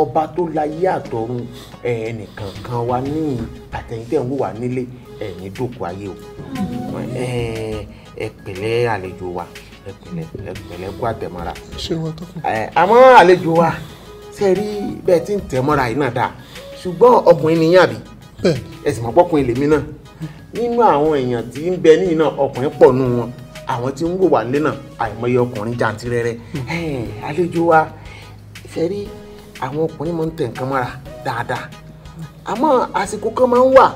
ọba tó láyé àtọ̀run ẹnìkan wa ní àtẹ̀yìntẹ̀ ń nílé ẹ̀yìn dòkú ayé o ẹ àlejò wa ẹ pẹ̀lẹ́ kó àtẹ̀mọ́ra. àmọ́ àlejò wa ṣe rí bẹ́ẹ̀ tí ń tẹ̀mọ́ra yìí náà dáa ṣùgbọ́n ọkùnrin nìyàn ẹ sì mọ̀ pọ́kùnrin lèmi náà nínú àwọn èèyàn tí ń bẹ níyìn náà ọkùnrin pọ̀ nù wọn àwọn tí ń wò wá lé náà àìmọye ọkùnrin jàǹtìrẹrẹ àlejò wa ṣe rí àwọn ọkùnrin máa ń tẹ̀ nǹkan mọ́ra dáadáa àmọ́ àsìkò kan máa ń wà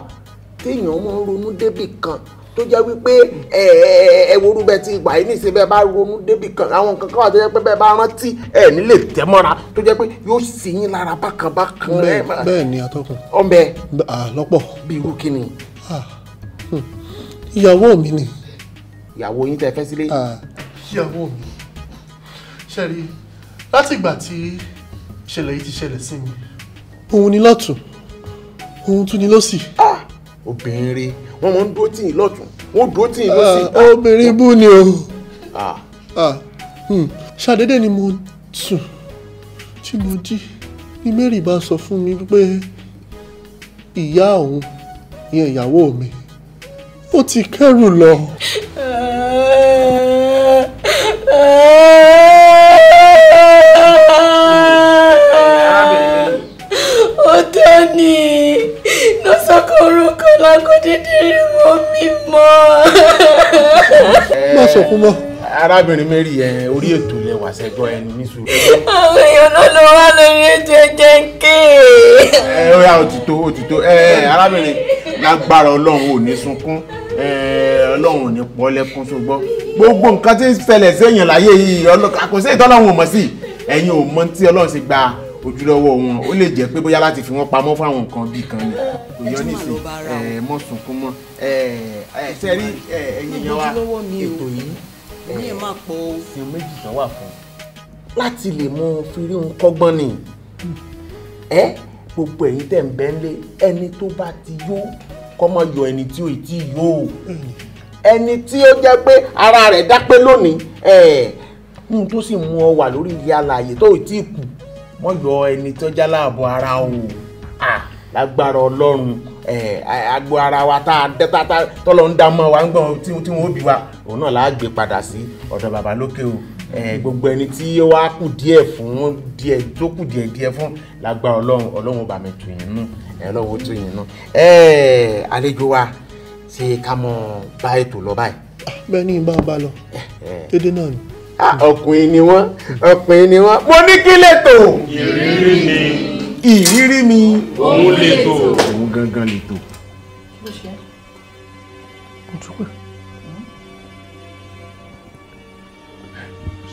téèyàn máa ń ronú débì kan tó jẹ́ wípé ẹ ẹ wo rúbẹ ti ìgbà yìí nísìnyí bẹ́ẹ̀ bá ronú débì kan àwọn nǹkan kan wà tó jẹ́ pé bẹ́ẹ̀ bá rántí ẹ nílé tẹ́ mọ́ra tó jẹ́ pé yóò sì yín lára bákan bákan. bẹ́ẹ̀ ni atọ́kùn. ọ̀nbẹ. lọ́pọ̀. bí irú kí ni. ìyàwó mi ni. ìyàwó yín tẹ́ fẹ́ sílé. ìyàwó mi ṣẹ́rí láti ìgbà tí ìṣẹ̀lẹ̀ yìí ti ṣẹlẹ̀ sí mi. òun ni lọ́tún òun tún ni lọ́sì. Ah! obìnrin rèé wọ́n mọ̀ ń dúró tì yín lọ́tún wọ́n dúró tì yín lọ́sì. Ah, ah, obìnrin bú ni o ah. Hmm. ṣàdédé ni mo sùn tí mo jí ni Mary bá sọ fún mi pé ìyá òun ìyẹn ìyàwó mi ó ti kẹ́rù lọ. ó tẹ́ ni lọ́sọ̀kọ̀rọ̀ nǹkan kó dídí rí mọ́ mi mọ́. má sọkún mọ́. arábìnrin mary ẹ orí ètò ilẹ̀ wàṣẹ gbọ́ ẹni níṣu. àwọn èèyàn náà ló wá lórí ètò ẹ̀jẹ̀ ń ké. ẹ eh, ó yà òtítọ́ òtítọ́ ẹ eh, eh, arábìnrin lágbára ọlọ́run ò ní sunkún ọlọ́run ò ní pọ́ lẹ́kún ṣùgbọ́n gbogbo nǹkan tí ń fẹlẹ̀ séèyàn láyé yìí kò sí ìtọ́lọ́run ò mọ̀ sí ẹ̀yin ò mọ̀ tí ọlọ́run ti gba ojúlówó wọn ó lè jẹ́ pé bóyá láti fi wọ́n pamọ́ fáwọn nǹkan bíi kan ni kò yọ nísìn ẹ mọ́ sunkún mọ́ ẹ ṣe rí ẹ̀yin yẹn wá ètò yìí ẹ máa pọ̀ ohun méjì kan wà fún un láti lè mọ fírí ohun kọ́gbọ́n ni ẹ gbogbo ẹ̀yin tẹ̀ ń bẹ́ ń lé ẹni tó bá ti yó kọ́ mọ́ yọ ẹni tí ò tí yó ẹni tí ó jẹ́ pé ara rẹ̀ dápé lónìí ẹ̀ ohun tó sì mú ọ wà lórí ilé alààyè tó ì tí kù mọ́ yọ ẹni tó jálá àbọ̀ ara o lágbára ọlọ́run agbo ara wa tá a dẹ́ta tọ́lọ́ ń dá mọ́ wa ń gbọ́n tí wọ́n bí wa òun náà láà gbé padà sí ọ̀dọ̀ bàbá lókè o gbogbo ẹni tí ó wá kù díẹ̀ fún díẹ̀ tó kù díẹ̀ díẹ̀ fún lágbára ọlọ́run ọlọ́run bàmí tù yín nù ọlọ́run tù yín nù àlejò wa ṣe ká mọ bá ètò lọ báyìí. bẹ́ẹ̀ ni ìbá ọba lọ dédé náà ni ọkùnrin ni wọ́n ọkùnrin ni wọ́n mo ní kí lẹ́tọ̀. ìrírí mi. ìrírí mi. òun lẹ́tọ̀. òun gangan lẹ́tọ̀.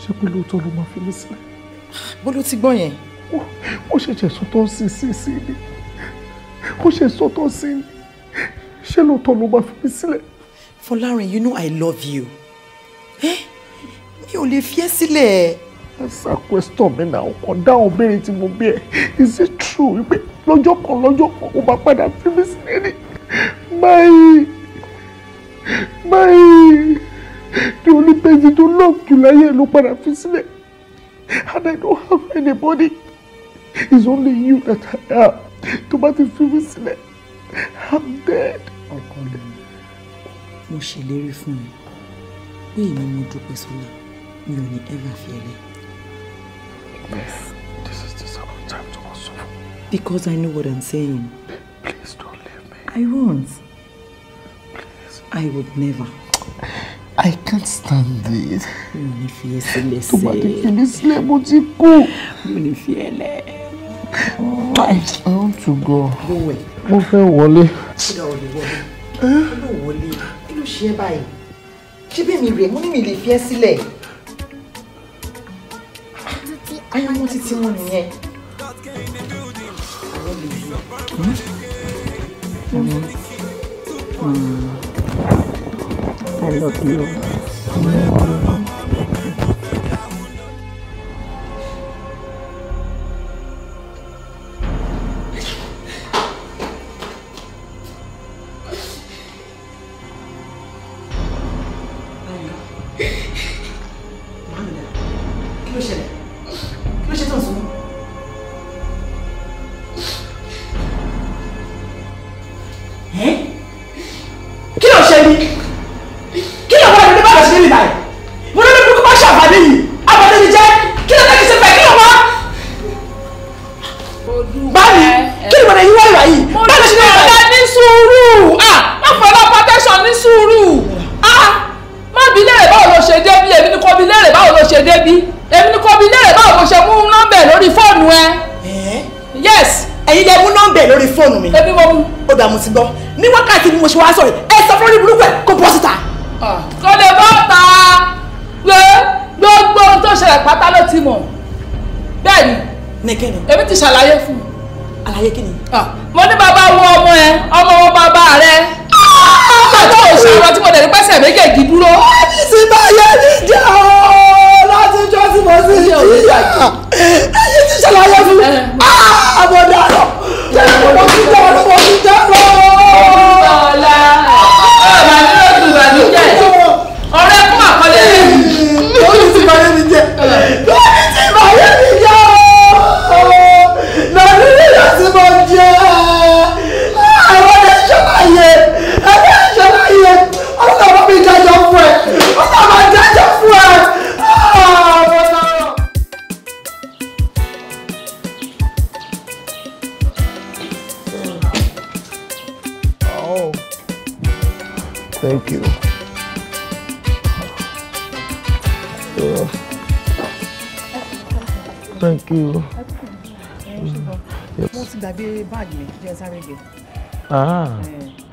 ṣé pé lóòótọ́ ló máa fi mí sílẹ̀. bó ló ti gbọ́ yẹn. kó ṣẹ̀ṣẹ̀ sọ́tọ́ sí sí sí ni kó ṣe sọ́tọ́ sí ni ṣé lóòótọ́ ló máa fi mí sílẹ̀. Fọlárin, you know I love you. Eh? mi ò lè fi ẹ́ sílẹ̀. answer question mi náà ọkàn dáhùn béèrè tí mo bí ẹ is it true wípé lọ́jọ́ kan lọ́jọ́ kan ó máa padà fi mí sílẹ̀ ni my my the only person tó love jù láyé ló padà fi sílẹ̀ and I don't have anybody it's only you that I have tó bá ti fi mí sílẹ̀ I'm dead. ọkọ mi mo ṣèlérí fún mi pé èmi mo dúpẹ́ sọ́la mi ò ní ever fi ẹ̀rẹ̀. Yes. This is the second time to also. Because I know what I'm saying. Please don't leave me. I won't. Please. I would never. I can't stand this. Mi ò ní fi ẹ́ sílẹ̀ sí. Tó bá ti fi mí sílẹ̀, mo I want to go. Go away. Mo fẹ́ wọlé. Kí ló wọlé wọlé? Kí ló wọlé? Kí ló Аямозиционные. I love you. ọ̀rọ̀ tí mo dẹ̀ ní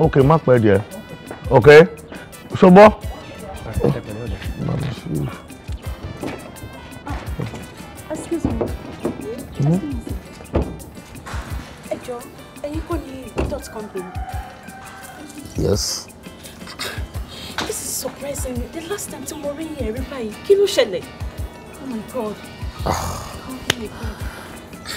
ok má pẹ́ díẹ̀ ok ṣọbọ́. excuse me ẹ jọ ẹ̀yin kò ní dot company. yes. this is surprising the last time tí mo rí Kilo Shelley. báyìí kí ló ṣẹlẹ̀ oh, ah. oh my god.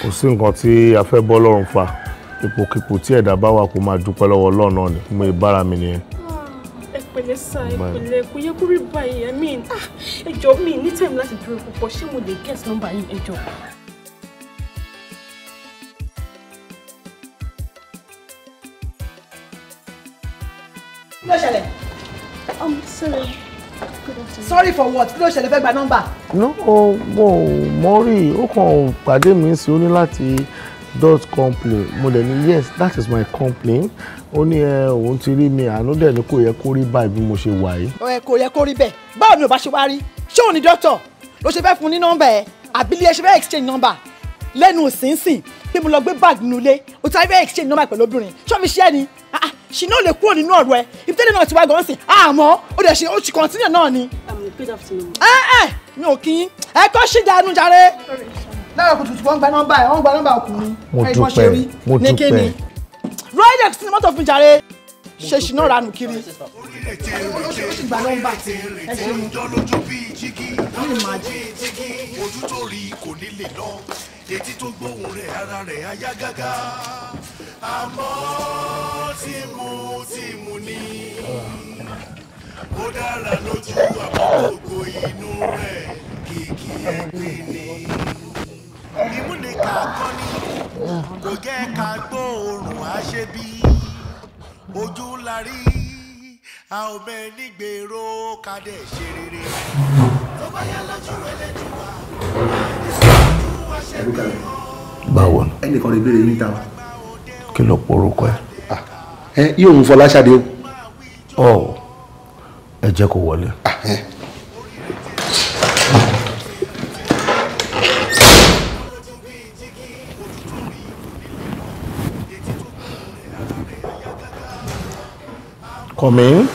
kò sí nǹkan tí a fẹ́ bọ́ lọ́rùn fa ipòkipò tí ẹ̀dá bá wà kó máa dúpẹ́ lọ́wọ́ Ọlọ́run náà ni mo ìbára mi nìyẹn. Ah, ẹ pẹ̀lẹ́ sá ẹ pẹ̀lẹ́ kò yẹ kó rí báyìí i mean ah, ẹ jọ̀ọ́ mi ní time láti dúró púpọ̀ ṣé mo lè get number yìí ẹ jọ̀ọ́. i'm sorry. sorry for what kí ló ṣẹlẹ̀ fẹ́ gba nọ́mbà. no mo mọ rí ó kàn pàdé mi sí ó ní láti dot company mo dẹ̀ ní yes that is my company ó ní ẹ òun ti rí mi àánú dẹ̀ ni kò yẹ kó rí báyìí bí mo ṣe wà yìí. ẹ kò yẹ kó rí bẹ́ẹ̀ báwo ni ò bá ṣe wá rí ṣé òun ni dókítà ló ṣe fẹ́ fún ní nọ́mbà ẹ àbí ilé ṣe fẹ́ exchange nọ́mbà lẹ́nu òsínsìn pé mo lọ gbé báàgì nínú ilé o ti fẹ́ exchange nọ́mbà pẹ̀lú obìnrin ṣọ́ mi ṣe é ni ṣì náà lè kúrò nínú ọ̀rọ̀ ẹ ìfitẹ́lẹ̀ náà ti wá gan-an sìn ah, àmọ́ ó dẹ̀ ṣe ó ti continue náà ni. ẹ um, ẹ eh, eh, mi ò kí ẹ kọ́ ṣì dànù jàre lára kùtùkùtù wọ́n gba nọ́mbà ẹ̀ wọ́n gba nọ́mbà ọkùnrin ẹ̀ ṣe rí ní kíni roidex ní mọ́tò fi jàre ṣe ṣì náà ranù kiri ó tó gbóhùn rẹ̀ ara rẹ̀ ayá gágá àmọ́ tí mo tí mo ní ó dára lójú àpò gbogbo inú rẹ̀ kìkì ẹgbẹ́ ni ìmúnìkà akọni kò jẹ́ ká gbọ́ òórùn àṣebí ojú la a ò mẹ́ni gbèrò ká ṣe rere tó bá yá lójú ẹlẹ́dùnwá ojú wa ṣe bí o. báwo ni. ẹnìkan lè béèrè yín wa. kí ló porúkọ ẹ. Ah, ẹ yóò ń fọláṣadé o. Oh, ẹ jẹ́ kó wọlé. Ah, Come in.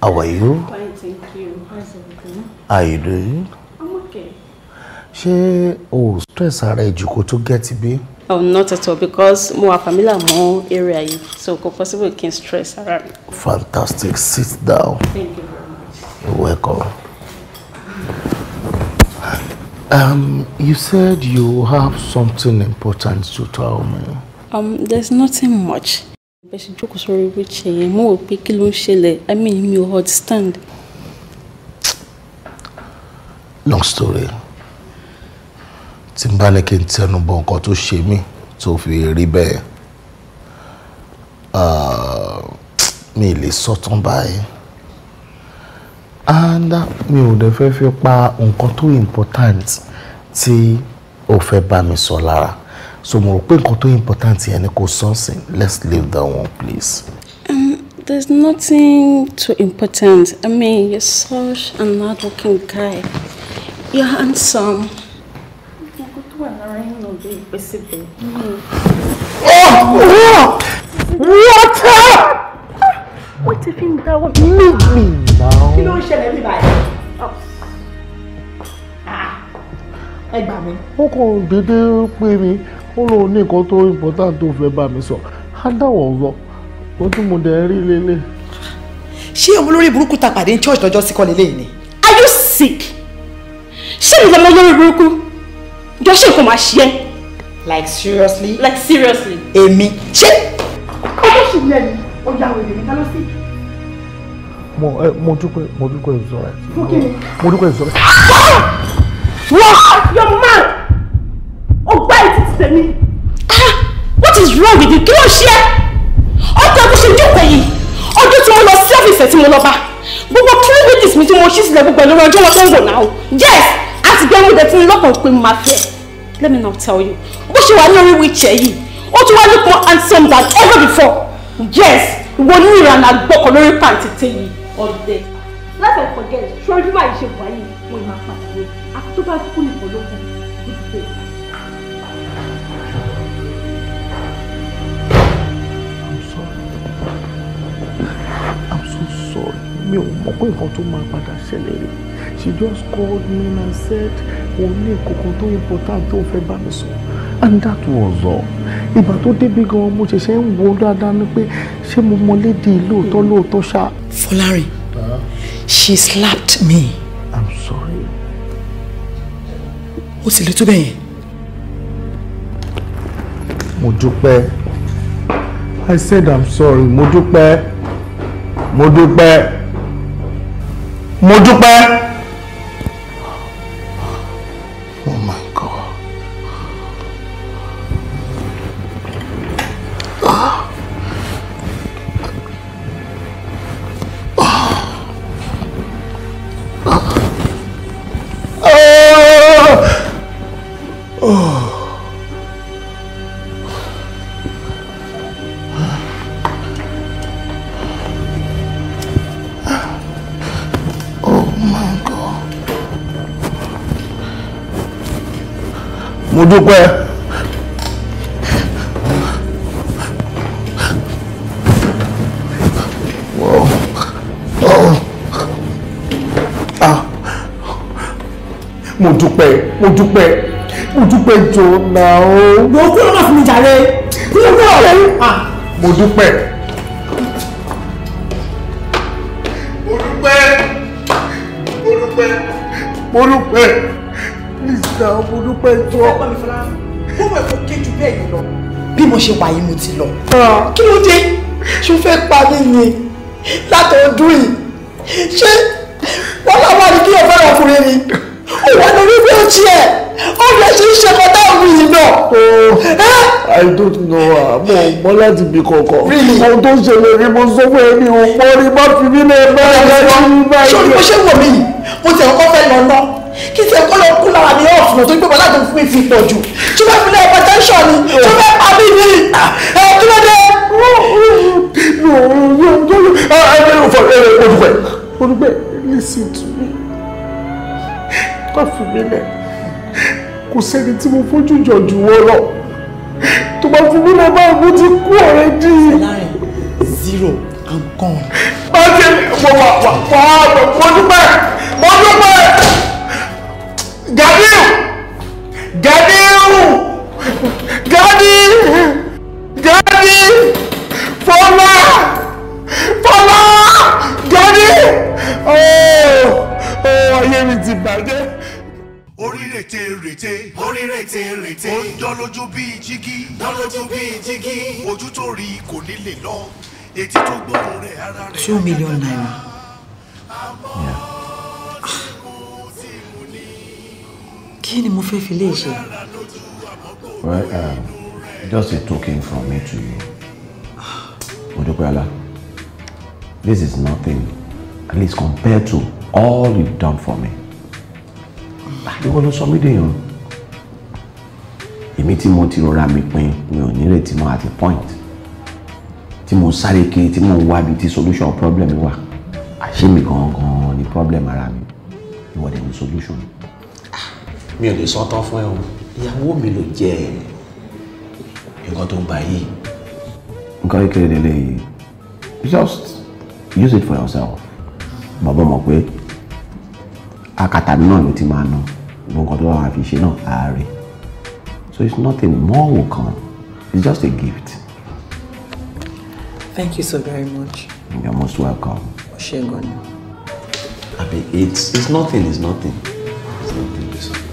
how are you? Fine, thank you. How's everything? How are you doing? I'm okay. She, oh, stress ara ìjòkó tó gẹ́tì bí? Oh, not at all because mo wà familiar mọ area so kò possible kí n stress around mi. Fantastic, sit down. Thank you very much. You're welcome. Um, you said you have something important to tell me. Um, there's nothing much. bẹ́ẹ̀ ṣe jókòó sórí wíìchì yẹn mo rò pé kí ló ń ṣẹlẹ̀ I mean mi ò understand. long story tí n bá ní kí n tẹnu bọ nǹkan tó ṣe mí tó fi rí bẹ́ẹ̀ uh, mi lè sọ tán báyìí and uh, mi ò dẹ̀ fẹ́ fi pa nǹkan tó important tí o fẹ́ bá mi sọ lára so mo rò pé nǹkan tó important yẹn ni kò sọ́ọ̀sìn let's leave that one please. Um, there's nothing too important I mean you're such an hardworking guy you're handsome. Oh! What? What? wọ́n ti fi ń dáwọ́ mímì náà. kí ló ń ṣẹlẹ̀ bí báyìí? Oh. Ah. ẹ gbà mí. ó kàn dédé pé mi ó lóun ní nǹkan tó important tó fẹ́ bá mi sọ á dáwọ̀ lọ ó tún mo dẹ̀ rí lélẹ̀. ṣé òun lórí burúkú ta pàdé ní church lọ́jọ́ sí kọ́lé lẹ́yìn ni. are you sick? ṣé mi lọ́mọ lórí burúkú? jọ ṣe nǹkan máa ṣe é. like seriously. like seriously. èmi ṣé. ọjọ́ ṣùgbọ́n ẹni ó yà wèrè mi ká ló sí. mo ẹ mo dúpẹ́ mo dúpẹ́ ìzọra ẹ. fún kí ni. mo dúpẹ́ ìzọra ẹ. wọ́n your man ó gbá ètùtù tèmi. Ah! what is wrong with you kí ló ṣe ọkọ bó ṣe jókòó yìí ọdún tí mo lọ sí ọ́fíìsì tí mo lọ bá gbogbo kílódéjìs mi tí mo ṣí sílẹ̀ gbogbo ẹ̀ lórí ọjọ́ wọn tó ń wò náà yes àti gbẹ́mú dẹ̀ tí mi lọ́kàn pé mo máa fẹ́ let me now tell you bó ṣe wà ní orí wheelchair yìí ó tún wá lókun handsome than ever before yes ìwọ ní ìlànà gbọ́kọ̀ lórí pàǹtí tèyí ọ̀dẹ. lábẹ́ ìkọ̀jẹ́ ṣojú máa ṣe wáyé wọn máa pàdé àti tó bá kú nìkan ló kù nígbè. I'm sorry. I'm so sorry. mi ò mọ̀ pé nǹkan tó máa padà ṣẹlẹ̀ rẹ̀ she just called me and said òun ní nǹkan tó important tó ń fẹ́ bá mi sọ and that was all ìgbà tó débi gan mo ṣẹ̀ṣẹ̀ ń wo dáadáa ni pé ṣé mo mọ lédi lóòótọ́ lóòótọ́ ṣá. Fọlárin she slapped me. I'm sorry. o sì lè tó bẹ́ẹ̀ yẹn. mo dúpẹ́ I said I'm sorry mo dúpẹ́ mo dúpẹ́ mo dúpẹ́. gbogbo ẹ. mo dúpẹ́ mo dúpẹ́ mo dúpẹ́ jọ̀ọ́ náà o. mo kúrò náà fún mi jàre mo dúpẹ́. tó ọ́ pọ̀ mi fọlá wọ́n mọ̀ ẹ̀kọ́ kéjù bẹ́ẹ̀ yìí lọ. bí mo ṣe wà yìí mo ti lọ. kí ló dé ṣó fẹ́ pa mí ni látọ̀ọ́dún yìí ṣé wọ́n láwọn ni kí ọ̀fẹ́ ọkùnrin ni òwò lórí bí ó tiẹ̀ ó lè ṣe iṣẹ́ kọtà òwúyì náà. Oh, I don't know ah mo mọ láti bí kankan ohun tó ń ṣẹlẹ̀ rí mo sọ fún ẹni òpó rí má fi mí lẹ́ẹ̀ bá ẹ lọ́wọ́. ṣé o ní mo ṣe wọ̀ mí mo tẹ̀ ọ́ fẹ́ lọ náà ṣe kó kú lára mi ọ̀fun tó gbé bọ́lá tó fún mi fi pọ̀ jù tó fẹ́ fúnlẹ̀ hypertension ni tó fẹ́ pa ni kí ló dé. olùgbẹ́ olùgbẹ́ listen to me kọ́ fún mi lẹ̀ kò sẹ́ni tí mo fojú jọ jù wọ́n lọ tó bá fún mi lọ bá mo ti kú ọ̀rẹ́ dì í. zero i'm gone. báyìí mo wà wà wà wà mo dúpẹ́. Gadiru! Gadi! Gadi! Fama, Fama, Gadi! Oh, ayé mi ti bàjẹ́. Orírètè rètè. Orírètè rètè. Ó ń dán lójú jígí. Dán lójú jígí. Ojú tó rí kò ní lọ. Etí tó gbóòórùn rẹ̀ ara rẹ̀. Two million naira. kí ni mo fẹ́ fi lè ṣe. well um, just a token from me to you Modupeola this is nothing at least compared to all you've done for me ìwọ ló sọ mí dèèyàn èmi tí mo ti rọra mi pin mi ò nírètí mọ́ àti point tí mo sáré kiri tí mo wá ibi tí solution problem wà àṣé mi gangan ni problem ara mi ìwọ dẹ̀ ni solution mi ò lè sọ tán fún ẹ o ìyàwó mi ló jẹ nǹkan tó ń bà yìí. nǹkan kékeré lè lè just use it for yourself bàbá mọ̀ pé akátá náà ló ti máa ná gbogbo nǹkan tó wà fi ṣe náà ààrẹ so it's nothing more will come it's just a gift. thank you so very much. you're most welcome. ọ̀ṣẹ́ gan-an. àbí it's it's nothing it's nothing it's nothing. It's nothing.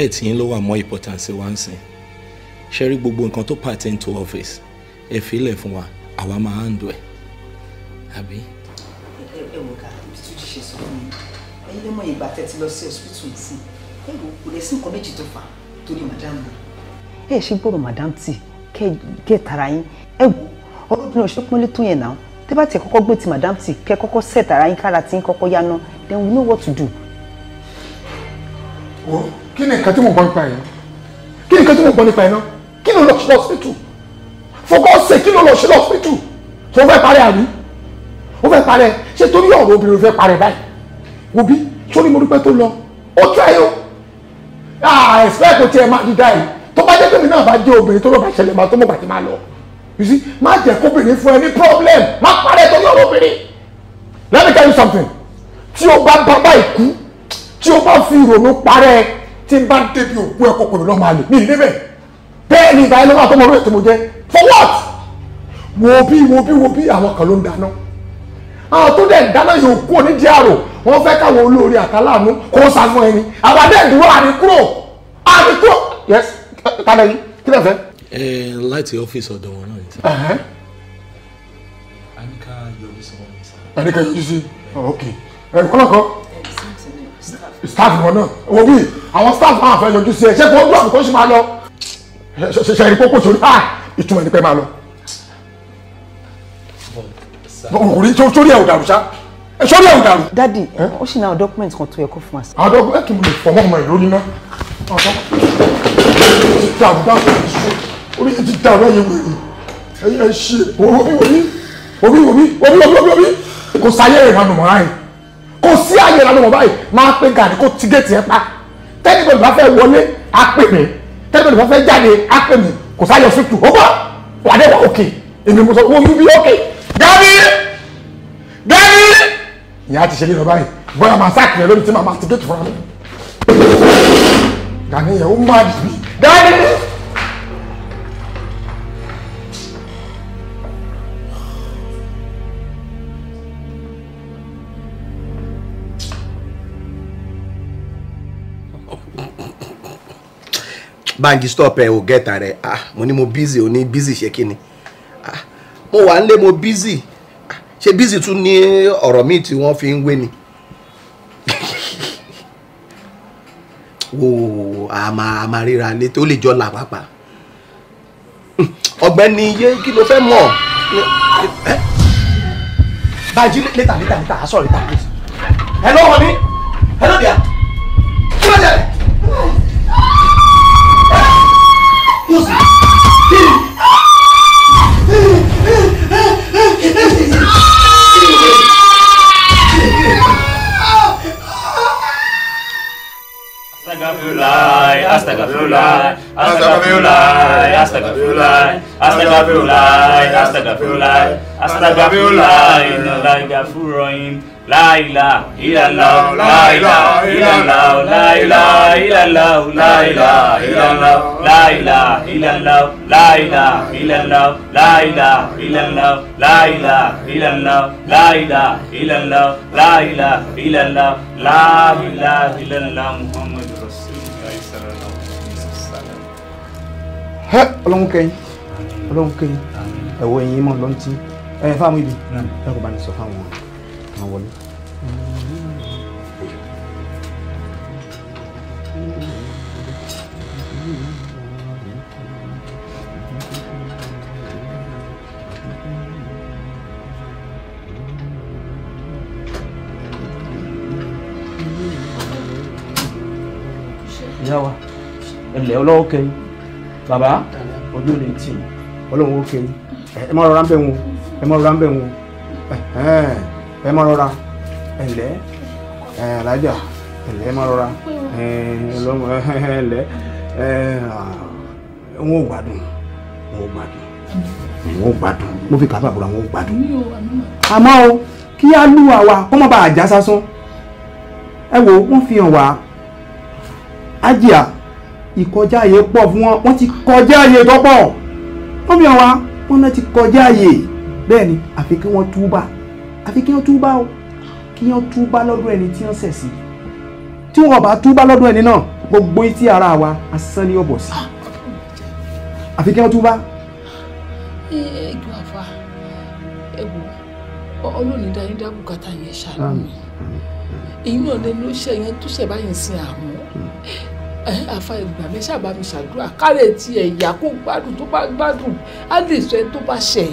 health yín ló wà mọ́ important sí wa ń sìn ṣe rí gbogbo nǹkan tó pertain to office ẹ fi ilẹ̀ fún wa àwa máa handle ẹ̀ àbí. ẹ ẹ wò ká títú ti ṣe sọ fún mi ẹyin ló mọ ìgbà tẹ ti lọ sí hospital nsìn ẹ wò kò lè sí nǹkan méjì tó fà torí madam mi. ẹ ṣe gbọ́dọ̀ madam tí kẹ́ tara yín ẹ wò ọlọ́dún ọ̀ṣun pọ́nlé tó yẹn náà tẹ́ bá tiẹ̀ kọ́kọ́ gbé ti madam tí kẹ́ kọ́kọ́ set ara yín kára tí ń yá náà then we know what to do. Oh kí ni nǹkan tí mo gbọ́ nípa yẹn kí ni nǹkan tí mo gbọ́ nípa yẹn náà kí ló lọ sí lọ́sítù fọkọ́sẹ̀ kí ló lọ sí lọ́sítù tó fẹ́ parẹ́ àrí ó fẹ́ parẹ́ ṣé torí ọ̀rọ̀ obìnrin fẹ́ parẹ́ báyìí wò bí sórí mo dúpẹ́ tó lọ ó tún ẹ o ah expect ti tiẹ̀ máa dídá yìí tó bá jẹ́ pé mi náà bá jẹ́ obìnrin tó lọ́ọ́ bá ṣẹlẹ̀ máa tó mọ̀ bàtí máa lọ you see má jẹ́ kóbìnrin fún ẹ ní problem má parẹ́ torí ọ̀rọ̀ obìnrin let me tell you something tí o bá bá báyìí kú tí o bá fi ìrònú parẹ́ tí n bá débi òkú ẹ̀kọ́ pẹ̀lú lọ́mọ àlè ní ilé bẹ́ẹ̀ bẹ́ẹ̀ ni ìgbà ẹlọ́wọ́ àtọ́mọ orí ètò mo jẹ́ for what wo bí wo bí wo bí àwọn kan ló ń dáná àwọn tó dẹ̀ ń dáná yóò kú òní di àrò wọ́n fẹ́ káwọn olóore àtàláàánú kó sa fún ẹni àwa dẹ̀ dúró àdìkúrò àdìkúrò yes tàbí yìí kí lè fẹ́. ẹ láti ọ́fíìsì ọ̀dọ̀ wọn náà ní sá. àníkà yọjú sí wọn ní sá. àníkà yọjú sí oh, ok ẹ kọ́lọ́kọ́ staff wọn náà wo bí àwọn staff wọn àfẹ́ yọjú sí ẹ ṣé kò dùn àbùkọ́ ṣì máa lọ ṣe ẹ̀rí kókó sórí ah ìtumọ̀ ní pẹ́ máa lọ. òkùnrin tó sórí ẹ̀ ò dàrú ṣá ẹ sórí ẹ̀ ò dàrú. dadi ó ṣì ní àwọn document kan tó yẹ kó fún wa. àwọn document mi lè fọwọ́ ọmọ ìlú níná orí ti dàrú ẹ̀yẹ wèrè ẹ̀yẹ ṣe orí orí orí orí orí orí kò sáyé ìranù mọ́ra yìí kò sí àyè lánàá mọ̀ báyìí máa pe gàrí kó ti géètì ẹ pa tẹ́lifọ̀n bá fẹ́ wọlé á pè mí tẹ́lifọ̀n bá fẹ́ jáde á pè mí kò sáyọ sùtù ó bọ̀ wà dé wà òkè èmi mo sọ wọ́n yú bí òkè gàrí gàrí ìyá ti ṣe lé lọ báyìí bọ́lá máa sáàkì rẹ lórí tí màá ti géètì fúnra mi gàrí yẹn ó má dì mí gàrí. Banji stop ẹ ò gẹ́ta rẹ ah mo ní mo busy o ní busy ṣe kí ah mo wà nílé mo busy ah, ṣe busy tún ní ọ̀rọ̀ míì tí wọ́n fi ń wé ni wo àmà àmà ríra ni tó lè jọ là pàápàá hmm, ọ̀gbẹ́ni iye kí ló fẹ́ mọ̀ Banji later later later sorry later hello honey hello there kí ló dé. Pussy. Astagfirullah, astagfirullah, astagfirullah, astagfirullah, astagfirullah, astagfirullah, astagfirullah, astagfirullah, astagfirullah, La ilaha illallah, la ilaha illallah, la ilaha illallah, la ilaha illallah, la ilaha illallah, la ilaha illallah, la ilaha illallah, la ilaha illallah, la ilaha illallah, la ilaha illallah, la ilaha illallah, Muhammad Rasulullah sallallahu alaihi wasallam. Hẹ́ ọlọ́run kẹ́yìn, ọlọ́run kẹ́yìn, ẹ̀wọ̀ ẹ̀yìn mọ̀ lọ́ntì, ẹ̀ fáwọn ibi, ẹ̀ kò bá ní sọ fáwọn àwọn ilẹ̀ ọlọ́wọ́ kẹyìn bàbá ọdún ní tì ọlọ́wọ́ kẹyìn ẹ má rọra ń bẹ̀ wọn ẹ má rọra ń bẹ̀ wọn ẹ má rọra ẹ lẹ́ ẹ alájà ẹ lẹ́ ẹ má rọra ẹ ọlọ́wọ́ ẹ lẹ́ ẹ wọn ò gbádùn wọn ò gbádùn wọn ò gbádùn mo fi kàá bàbúrò àwọn ò gbádùn àmọ́ o kí á lù wá wa kó má bàa já sásán ẹ wo wọ́n fi hàn wá ájìá ìkọjá àyè pọ̀ fún wọn wọ́n ti kọjá àyè tó pọ̀ wọ́n mi wá wọ́n náà ti kọjá àyè bẹ́ẹ̀ ni àfi kí wọ́n túbà àfi kí wọ́n túbà o kí wọ́n túbà lọ́dọ̀ ẹni tí wọ́n ṣẹ̀ sí tí wọ́n bá túbà lọ́dọ̀ ẹni náà gbogbo etí ara wa asán ni ọ̀bọ̀ sí àfi kí wọ́n túbà. ẹ ẹ jù àfa ẹ wò ọlọ́ọ̀nì dáadáa bùkátà yẹn ṣàánú mi èyí náà lẹnu iṣẹ́ yẹn tó ṣẹ̀ báyìí sin àrùn àfa ìgbà mi sábà mi ṣàdúrà kárẹ̀ tí ẹ̀yà kó gbádùn tó bá gbádùn á lè sọ ẹni tó bá ṣẹ̀.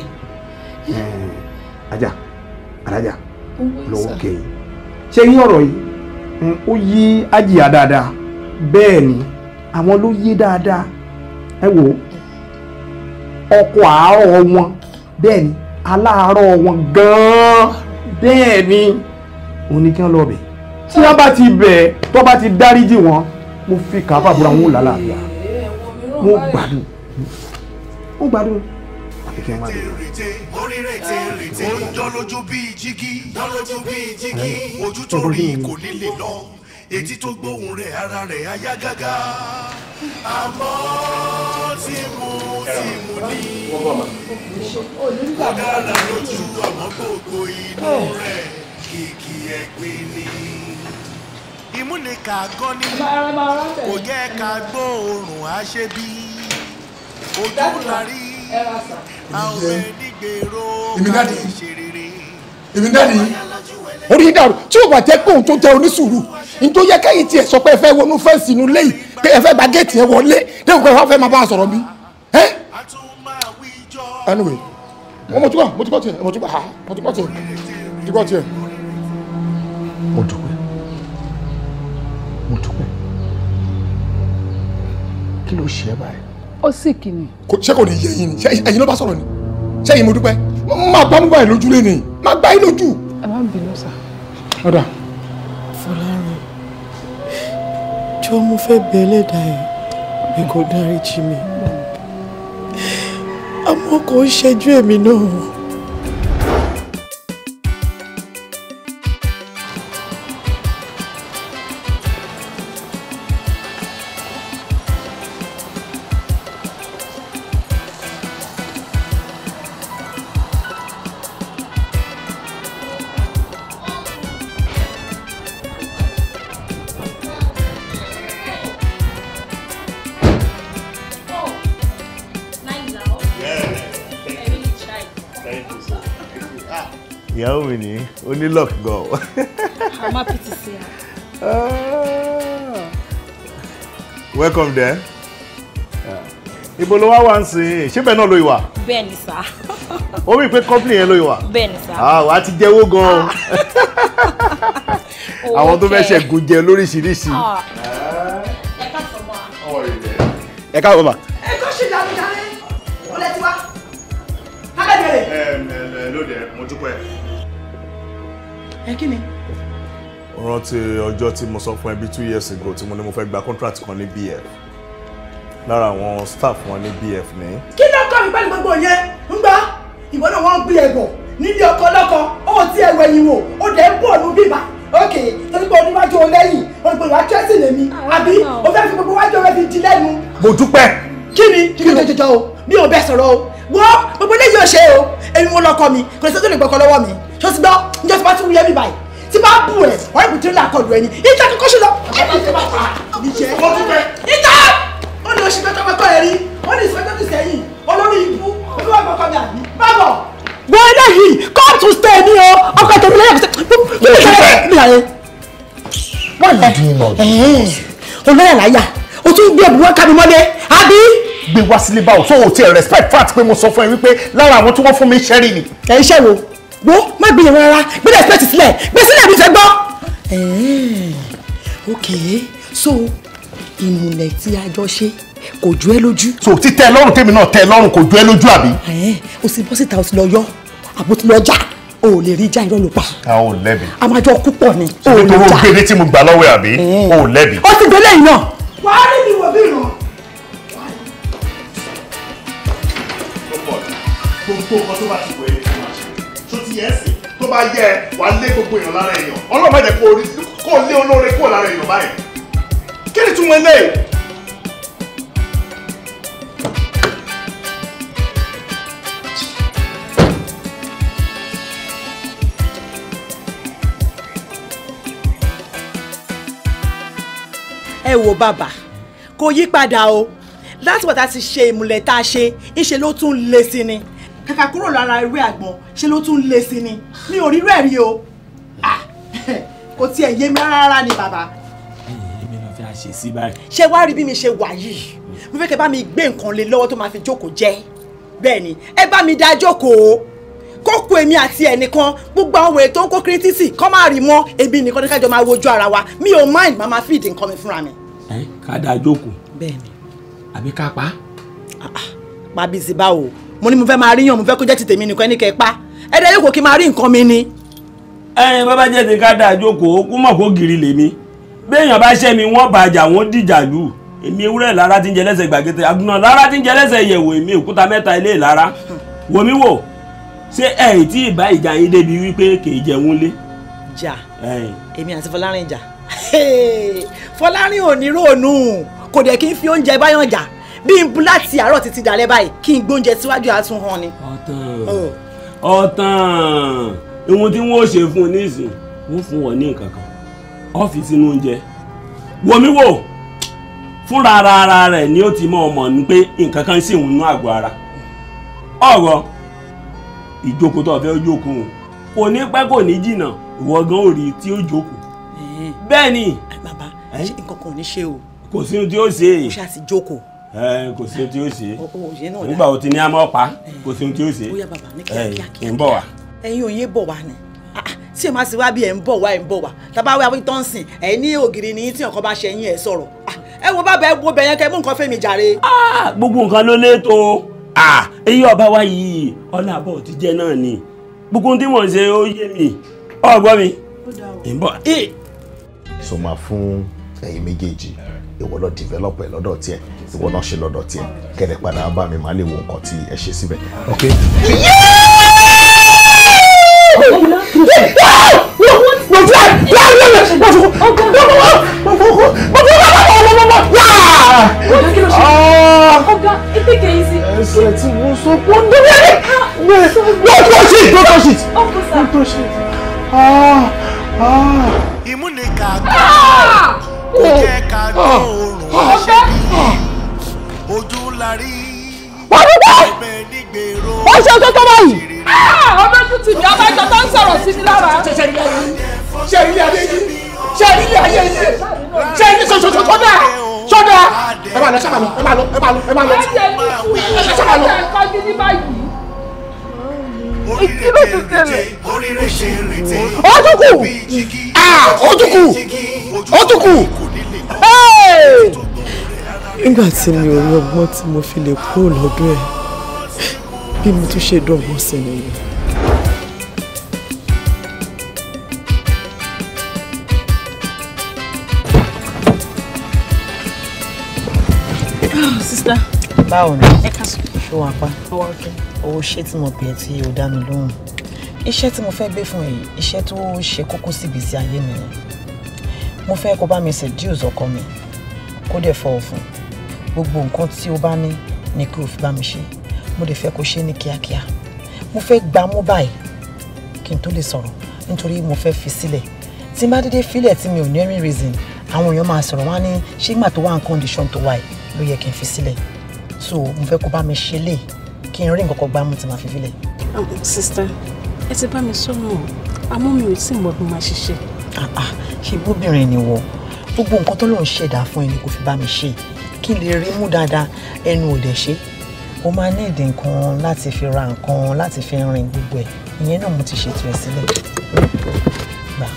ajá alájà lọ́wọ́ kẹ́yìn ṣé yín ọ̀rọ̀ yìí ó yí ajíyà dáadáa bẹ́ẹ̀ ni àwọn ló yé dáadáa ẹ wò ọkọ̀ àárọ̀ wọn bẹ́ẹ̀ ni aláàárọ̀ wọn gan-an bẹ́ẹ̀ ni òun ni tí wọ́n bá ti bẹ̀ tó bá ti dáríjì wọn mo fi kàábà búra wọn lálàáfíà mo gbádùn mo gbádùn àfikẹ́ wọn dánlójú bíi jígí dánlójú bíi jígí ojú tó rí kò ní lè lọ etí tó gbóhùn rẹ̀ ara rẹ̀ ayá gágá àmọ́ tí mo ti mú ní ó dára lójú àmọ́ gbogbo inú rẹ̀ kìkì ẹ̀gbin ni imú ni ká gán nínú kò ká gbọ́ òórùn àṣebí ojú la àwọn ẹnigbèrò ká lè ṣe èmi náà orí dàrú tí yóò bá jẹ́ pé òun tó jẹ́ onísùúrù ní tó yẹ kẹ́yìn tiẹ̀ sọ pé ẹ fẹ́ wọnú fẹ́ǹsì inú lẹ́yìn pé ẹ fẹ́ gba géètì ẹ wọlé lẹ́yìn pé wọ́n fẹ́ máa bá a sọ̀rọ̀ bí. anyway wọ́n mo ti kọ́ mo ti kọ́ tiẹ̀ mo ti kọ́ tiẹ̀ mo ti kọ́ tiẹ̀. kí ló ṣe é báyìí. ó sì kì ni. ṣé kò ní yé yín ni ẹ̀yin ló bá sọ̀rọ̀ ni ṣé ẹ̀yin mo dúpẹ́ máa gbá mú báyìí lójúlé ni máa gbá yín lójú. ẹ má bínú sá. ọ̀dà. fọlárun jọ mo fẹ́ bẹ ẹlẹ́dàá ẹ̀ mi kò dáríjì mi àmọ́ kò ń ṣẹ́jú èmi náà. ní luck gan. I'm happy to see her. Ah. Welcome there. Ibo ló wá wá ń sìn, ṣé bẹ́ẹ̀ náà ló wà? Bẹ́ẹ̀ni sá. Ó rí i pé company yẹn ló wà? Bẹ́ẹ̀ni sá. Ah, Àwọn àti jẹ́wọ́ gan-an. Ah. (laughs) Àwọn tó fẹ́ ṣẹ̀gùn jẹ lóríṣiríṣi. Ah. Ẹ káàbọ̀ mà. Ẹ káàbọ̀ mà. kí ni. ó rántí ọjọ́ tí mo sọ fún ẹbí two years ago tí mo ní mo fẹ́ gba contract kan ní BF lára àwọn staff wọn ní BF ní. kí ló kọ́ mi pẹ̀lú gbogbo yẹn ń gbá ìwọ náà wọ́n gbé ẹ̀gbọ̀n nílé ọkọ lọ́kọ ó ti ẹ̀wẹ̀ yìí wò ó dẹ̀ ń bọ̀ lù bíbá ókè torí pé oníwájú ọlẹ́yìn olùgbò ìwà tẹ́sí lèmi àbí o fẹ́ fi gbogbo wájú ọ̀rẹ́ fi di lẹ́nu. mo dúpẹ́. kí ni kí ni jọjọ o mi ò bẹ sọ̀rọ̀ o wọ́n gbogbo eléyìí ò ṣe o èmi mo lọ́kọ mi kò sí tó lè gbọ́kọ lọ́wọ́ mi tó ti gbọ́ níjọ́ tí bá ti wúlẹ̀ mi báyìí tí bá bù ẹ̀ ọ̀rẹ́ mi tírélà kọlù ẹni ìjà kókó ṣe lọ. ìjà ó ní oṣù pẹ́tọ́ pẹ́tọ́ ẹ̀rí ó ní ìsìnkú tó sẹ́yìn olórí ibú olúwa gbọ́kọ́ mi àbí bábọ̀. wọ́n eléyìí come to stay ní o oh. ọkọ̀ ìtọ́jú lẹ́yìn ọ̀sẹ̀ eh, eh. o tún gbé ẹ̀bùn wọn kábi mọ́lẹ̀ àbí gbé wá sílé báwo tó o tiẹ̀ respect fact pé mo sọ fún ẹ wípé lára àwọn tí wọ́n fún mi ṣẹ́rí ni. ẹ iṣẹ́ wo wo má gbé yẹn rárá gbé dẹ̀ spẹ́ẹ̀tì sílẹ̀ gbé sílẹ̀ mi fẹ́ gbọ́. ok so ìmùlẹ̀ tí a jọ ṣe kò ju ẹ lójú. so títẹ ẹ lọ́rùn tèmi náà tẹ ẹ lọ́rùn kò ju ẹ lójú àbí. o sì bọ́ síta o sì lọ yọ àbò tí lọ já o ò lè rí já irọ́ ló pa. a ò lẹ́bi. a máa jọ kú pọ̀ ni. o ò lè já nítorí o gbére tí mo gbà lọ́wọ́ àbí o ò lẹ́bi. ó ti gbélé yìí náà. wàá rí mi wò bí ìràn. gbogbo ọkọ tó bá ti wẹ̀ yẹn sìn tó bá yẹ ẹ wàá lé gbogbo èèyàn lára èèyàn ọlọ́run má jẹ́ kó lé olóore kó lára èèyàn báyìí kí ni túmọ̀ eléyìí. ẹ wo bàbá kò yí padà o láti wọ́n ta ti ṣe ìmùlẹ̀ tá a ṣe ńṣe ló tún le sí ni kàkà kúrò lára ewé àgbọn ṣe ló tún lé sí ni mi ò rírú ẹ̀ o kò tiẹ̀ yé mi rárá ni bàbá. èmi ló fẹ́ àṣẹ sí báyìí. ṣé wàá rí bí mi ṣe wà yìí mo fẹ́ kẹ́ bá mi gbé nǹkan lé lọ́wọ́ tó máa fi jókòó jẹ́ bẹ́ẹ̀ ni ẹ bá mi dá jókòó kókó èmi àti ẹnìkan gbogbo àwọn ètò ń kó kírítísì kọ́ máa rí mọ́ èmi nìkan ní kájọ máa wojú ara wa mi ò mind máa máa fìdí nǹkan mi fúnra mi. ẹ ká dáa jókòó. bẹ́ẹ̀ni. àbí ká pa. Ah, ah, pa bíi ti báwo mo ní mo fẹ́ máa rí yàn mo fẹ́ kó jẹ́ ti tèmi nìkan ẹnìkẹ́ pa ẹ̀dá yòókù kí n máa rí nǹkan mi ni. ẹyin bàbá jẹ́ ti ká dáa jókòó kó mọ̀ kó gírí lèmi béèyàn bá ṣẹ́ mi wọ́n bàjà wọ́n dìjà lù èmi ewúrẹ́ lára ti ń jẹ lẹ́sẹ̀ gbàgede àgùnà lára ti ń jẹ lẹ́sẹ̀ yẹ̀wò èmi òkúta mẹ́ta ilé ìlara wò mí wò ṣé ẹ̀ tí ì bá ìjà yín débi wípé kì í jẹun lé. jà èmi àti Fọlárin jà (laughs) Fọlárin ò ní ròónù kò dẹ̀ kí n fi oúnjẹ báyọ̀ jà bí n bu láti àárọ̀ títí dalẹ́ báyìí kí n gbóúnjẹ síwájú àtún hàn ni. ọ̀tàn ọ̀tàn ohun tí wọ́n ṣe fún un nísìn wọ́n fún wọn ní nǹkan kan ọ́fíìsì inú oúnjẹ wọmi wò fúnra ara rẹ̀ ni ó ti mọ ọmọ ní pé nǹkan kan sì ń nú àgọ́ ara ọ̀rọ̀ ìjókòó tó fẹ́ jókòó kò ní pẹ́ kò ní jìnnà ìwọ gan ò rí tí ó jókòó eh. bẹ́ẹ̀ ni. bàbá nǹkan kan ò ní ṣe o. kò sí ohun tí ó ṣe. ó ṣáà ti jókòó kò sí ohun tí yóò ṣe nígbà wo ti ní àmọ́ pa kò sí ohun tí yóò ṣe ẹ̀ ń bọ̀ wá. ẹ̀yin òye bọ̀ wá ni ah, ah, tí ẹ máa ṣe wá bí ẹ ń bọ̀ wá ẹ ń bọ̀ wá tàbá wá wí tán sìn ẹ ní ògiri ní tí nǹkan bá ṣe yín ẹ sọ̀rọ̀ ah, ẹ wo bàbá ẹ wo bẹ̀yẹn kẹ mú nǹkan fẹ́mi jàre. gbogbo nǹkan ló létò èyí ọba wa yìí ọlá àbọ̀ ti jẹ́ náà ni gbogbo tí mò ń ṣe ó yé mi ọgbọ́n mi ẹ̀ ń bọ̀. sọ ma fún ẹ̀yin méjèèjì ìwọ lọ develop ẹ lọ́dọ̀ tiẹ̀ ìwọ náà ṣe lọ́dọ̀ tiẹ̀ kẹdẹ padà bá mi máa lè wo nǹkan tí ẹ ṣe síbẹ̀ ok. ọ̀gá kú. ọ̀fẹ́. wọ́n ní bẹ́ẹ̀ wọ́n ṣe tó tó báyìí. ọmọ ẹkùn tì mí ọmọ ẹjọ tó ń sọ̀rọ̀ sí mi lára. ṣe ilé ayé yìí ṣe ilé ayé yìí ṣe ilé ṣoṣoṣo tó dáa tó dáa. ẹ máa lọ ṣe máa lọ ẹ máa lọ ẹ máa lọ ẹ máa lọ. ẹ jẹ́ mi kú ẹ jẹ́ kọ́jú ní báyìí ìkíló ti tẹ̀lé. ó tún kù ó tún kù ó tún kù nígbà mi ò rí ọgbọ́n tí mo fi lè kúrò lọ́dọ̀ ẹ̀ bí mo tún ṣe dọ̀gbọ́n sí nìyẹn. Oh, sísá báwo ni ẹ ká sọ wà pa owó ṣé tí mo bẹ̀ẹ́ tí o dá mi lóhùn iṣẹ́ tí mo fẹ́ gbé fún ẹ iṣẹ́ tó ṣe kókó síbi sí ayé mi ni mo fẹ́ kó bá mi seduce ọkọ mi kó dẹ̀ fọwọ́ fún gbogbo nǹkan tí o bá ní ni kí o fi bá mi ṣe mo dẹ̀ fẹ́ kó ṣe ní kíákíá mo fẹ́ gbà mú báyìí kí n tó lè sọ̀rọ̀ nítorí mo fẹ́ fi sílẹ̀ tí n bá dédé filẹ̀ tí mi ò ní any reason àwọn èèyàn máa sọ̀rọ̀ wá ní ṣé ìgbà tó wà ní condition tó wà yìí ló yẹ kí n fi sílẹ̀ so mo fẹ́ kó bá mi ṣe lè kí n rí nǹkan kan gbá mú tí màá fi filẹ̀. Oh, sista ẹ ti bá mi sọ̀rọ̀ àmọ́ mi ò tí ì mọ̀ bí màá ṣiṣẹ́ Ah, ah, ṣe bóbìnrin ni wọ gbogbo nǹkan tó lòun ṣẹ̀dá fún ẹni kò fi bá mi ṣe kí n lè rí mú dáadáa ẹnu ò dẹ̀ ṣe o máa ní ìdí nǹkan láti fi ra nǹkan láti fi rìn gbogbo ẹ̀ ìyẹn náà mo ti ṣètò ẹ̀ sílẹ̀ gbà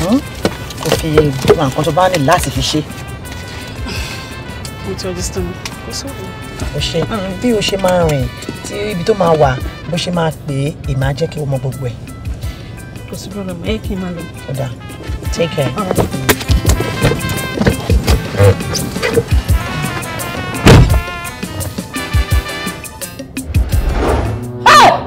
hmm? kò fi gbogbo nǹkan tó bá ní láti fi ṣe. mo ti understand kò sóòrò. o ṣe hmm, bí o ṣe máa rìn tí ibi tó máa wà bó ṣe máa pè é èmi á jẹ́ kí o mọ gbogbo ẹ̀ kò sí problem ẹ kí n máa lọ. ọ̀dà take care. All right. Ah!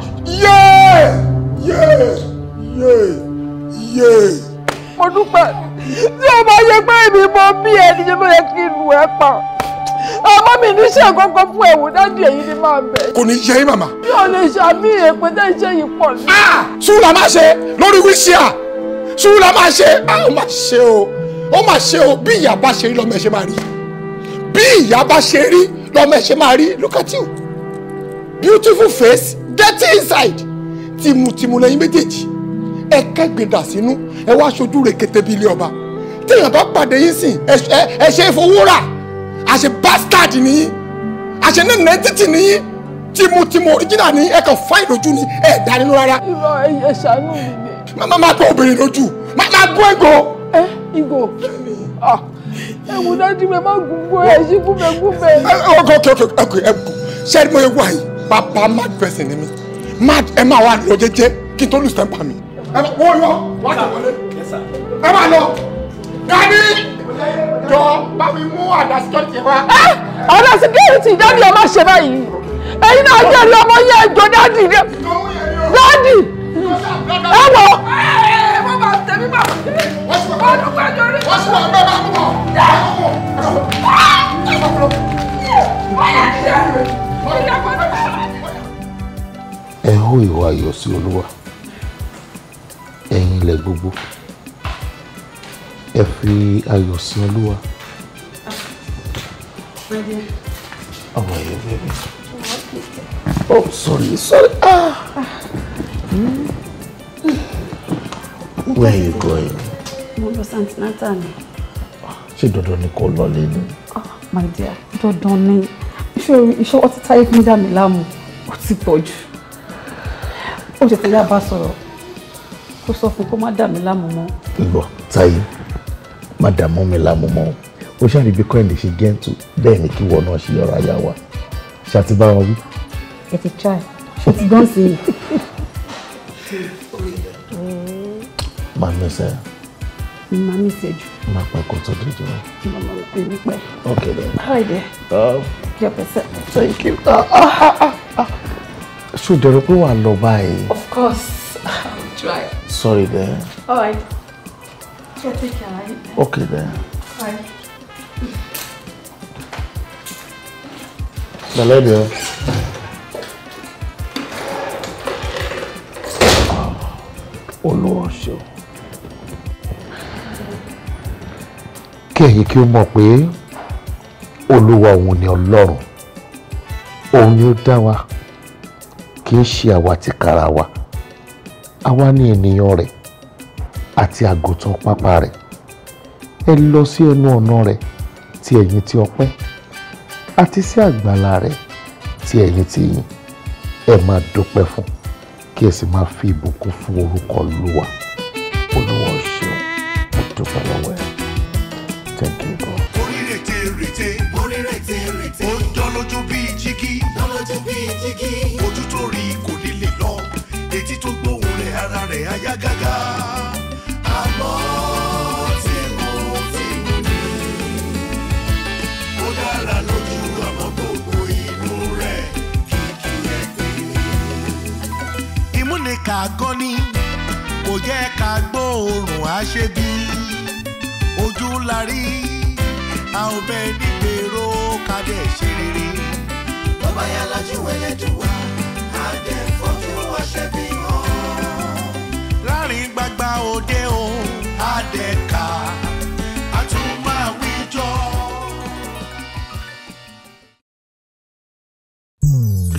kò ní yẹ yín màmá. yóò lè ṣàmì èpè tẹ́ ṣe yìí pọ̀ sí sùúrù la máa ṣe lórí wíṣíà sùúrù la máa ṣe á ah, ó máa ṣe o ó máa ṣe o bí ìyá bá ṣe rí lọ́mọ ẹ ṣe máa rí bí ìyá bá ṣe rí lọ́mọ ẹ máa rí look at you beautiful face dirty inside tìmùtìmù lẹ́yìn méjèèjì ẹ kẹ́gbẹ̀dà sínú ẹ wá aṣojú rẹ̀ kété bí ilé ọba téèyàn bá pàdé yín sìn ẹ ṣe ìfowó rà àṣẹ bastard nìyí àṣẹ nínú ẹ títì nìyí tìmùtìmù original ni ẹ kàn fáìn lójú ni ẹ dá nínú rárá. irọ́ ẹyẹ ṣàánú mi ni. màmá máa gbọ́ obìnrin lójú màmá gbọ́ ìgò. ẹ ìgò ẹ wò dájú mi máa gbogbo ẹ ṣí gúnbẹ gúnbẹ. ok ok ok ok ẹ kù ṣé ẹ mọ ewu àyè bàbá mad person ni mi mad ẹ máa wà lọ jẹ́jẹ́ kí n tó lù sẹ́ńpà mi. ẹ máa wọ́n lọ wá tó wọlé ẹ máa lọ dání jọ bá mi mú àdá security wá. ọ̀dà security dání ọ má ṣe báyìí ẹ̀yin náà jẹ́ ẹ̀rí ọmọ yẹn ẹ̀jọ̀ dáàdì rẹ̀ dáàdì ẹ wọ. wọ́n bá tẹ̀mí ẹ hó ìwà ayọ̀ olúwa ẹ̀yin ilẹ̀ gbogbo ẹ fi ayọ̀ sí olúwa. ọmọ yẹn bẹ́ẹ̀ bẹ́ẹ̀. Oh, sorry, sorry. Ah. Hmm? Where are you going? Mo lọ Santinata ni. Ṣé dandan ni kò lọ ah, My dear, dandan ni. Ṣé iṣẹ́ ọtí táyé fún dà mí láàmú? Ó ti pọ̀ jù. Ó ṣe tẹ̀lé àbá sọ̀rọ̀. Kó sọ fún kó má dà mí láàmú mọ́. Ìgbọ̀ táyé, má dà mọ́ mi láàmú mọ́. Ó ṣàrí bí kọ́ìnì ṣe gẹ́ǹtù bẹ́ẹ̀ ni kí wọ́n náà ṣe ọ̀rọ̀ tètè try ṣe ti dán sí i. máa mi sẹ́. máa mi sẹ́ jù. máa pẹ́ kó tó dé jù. mama mi ní pẹ́. ok then. hi there. jẹ pẹsẹ. thank you. Ah, ah, ah, ṣó dẹrọ pé wàá lọ báyìí. of course i'll try. sorry there. all right. Yeah, take care, right? Okay then. Bye. Dale, Dios. olówó ṣeun. kí ẹ̀yin kí ó mọ̀ pé olúwa òun ni ọlọ́run òun ni ó dá wa kì í ṣe àwa tìkára wa àwa ni ènìyàn rẹ̀ àti àgùntàn pápá rẹ̀ ẹ lọ sí ẹnu ọ̀nà rẹ̀ ti ẹ̀yin ti ọpẹ́ àti sí àgbàlá rẹ̀ ti ẹ̀yin ti yìn ẹ máa dúpẹ́ fún un kí ẹ sì máa fi ìbùkún fún orúkọ olúwa olúwa ṣeun mo dúpẹ́ ẹ thank you God. onírètè rètè onírètè rètè ó dán lójú bíi jígí dán lójú jígí ojú tó rí kò ní lọ etí tó gbóhùn rẹ̀ ara rẹ̀ ayá gágá. áfíríkà gan ni kò yẹ ká gbóòórùn àṣebí ojú la rí a ò bẹ nígbèrò kádẹ ṣe rere. bàbá yà lájú ẹlẹ́dùn wá á dẹ̀ fojú àṣebí hàn. láàrin gbagba òde o á dẹ̀ ká a tún máa wíjọ. Mm.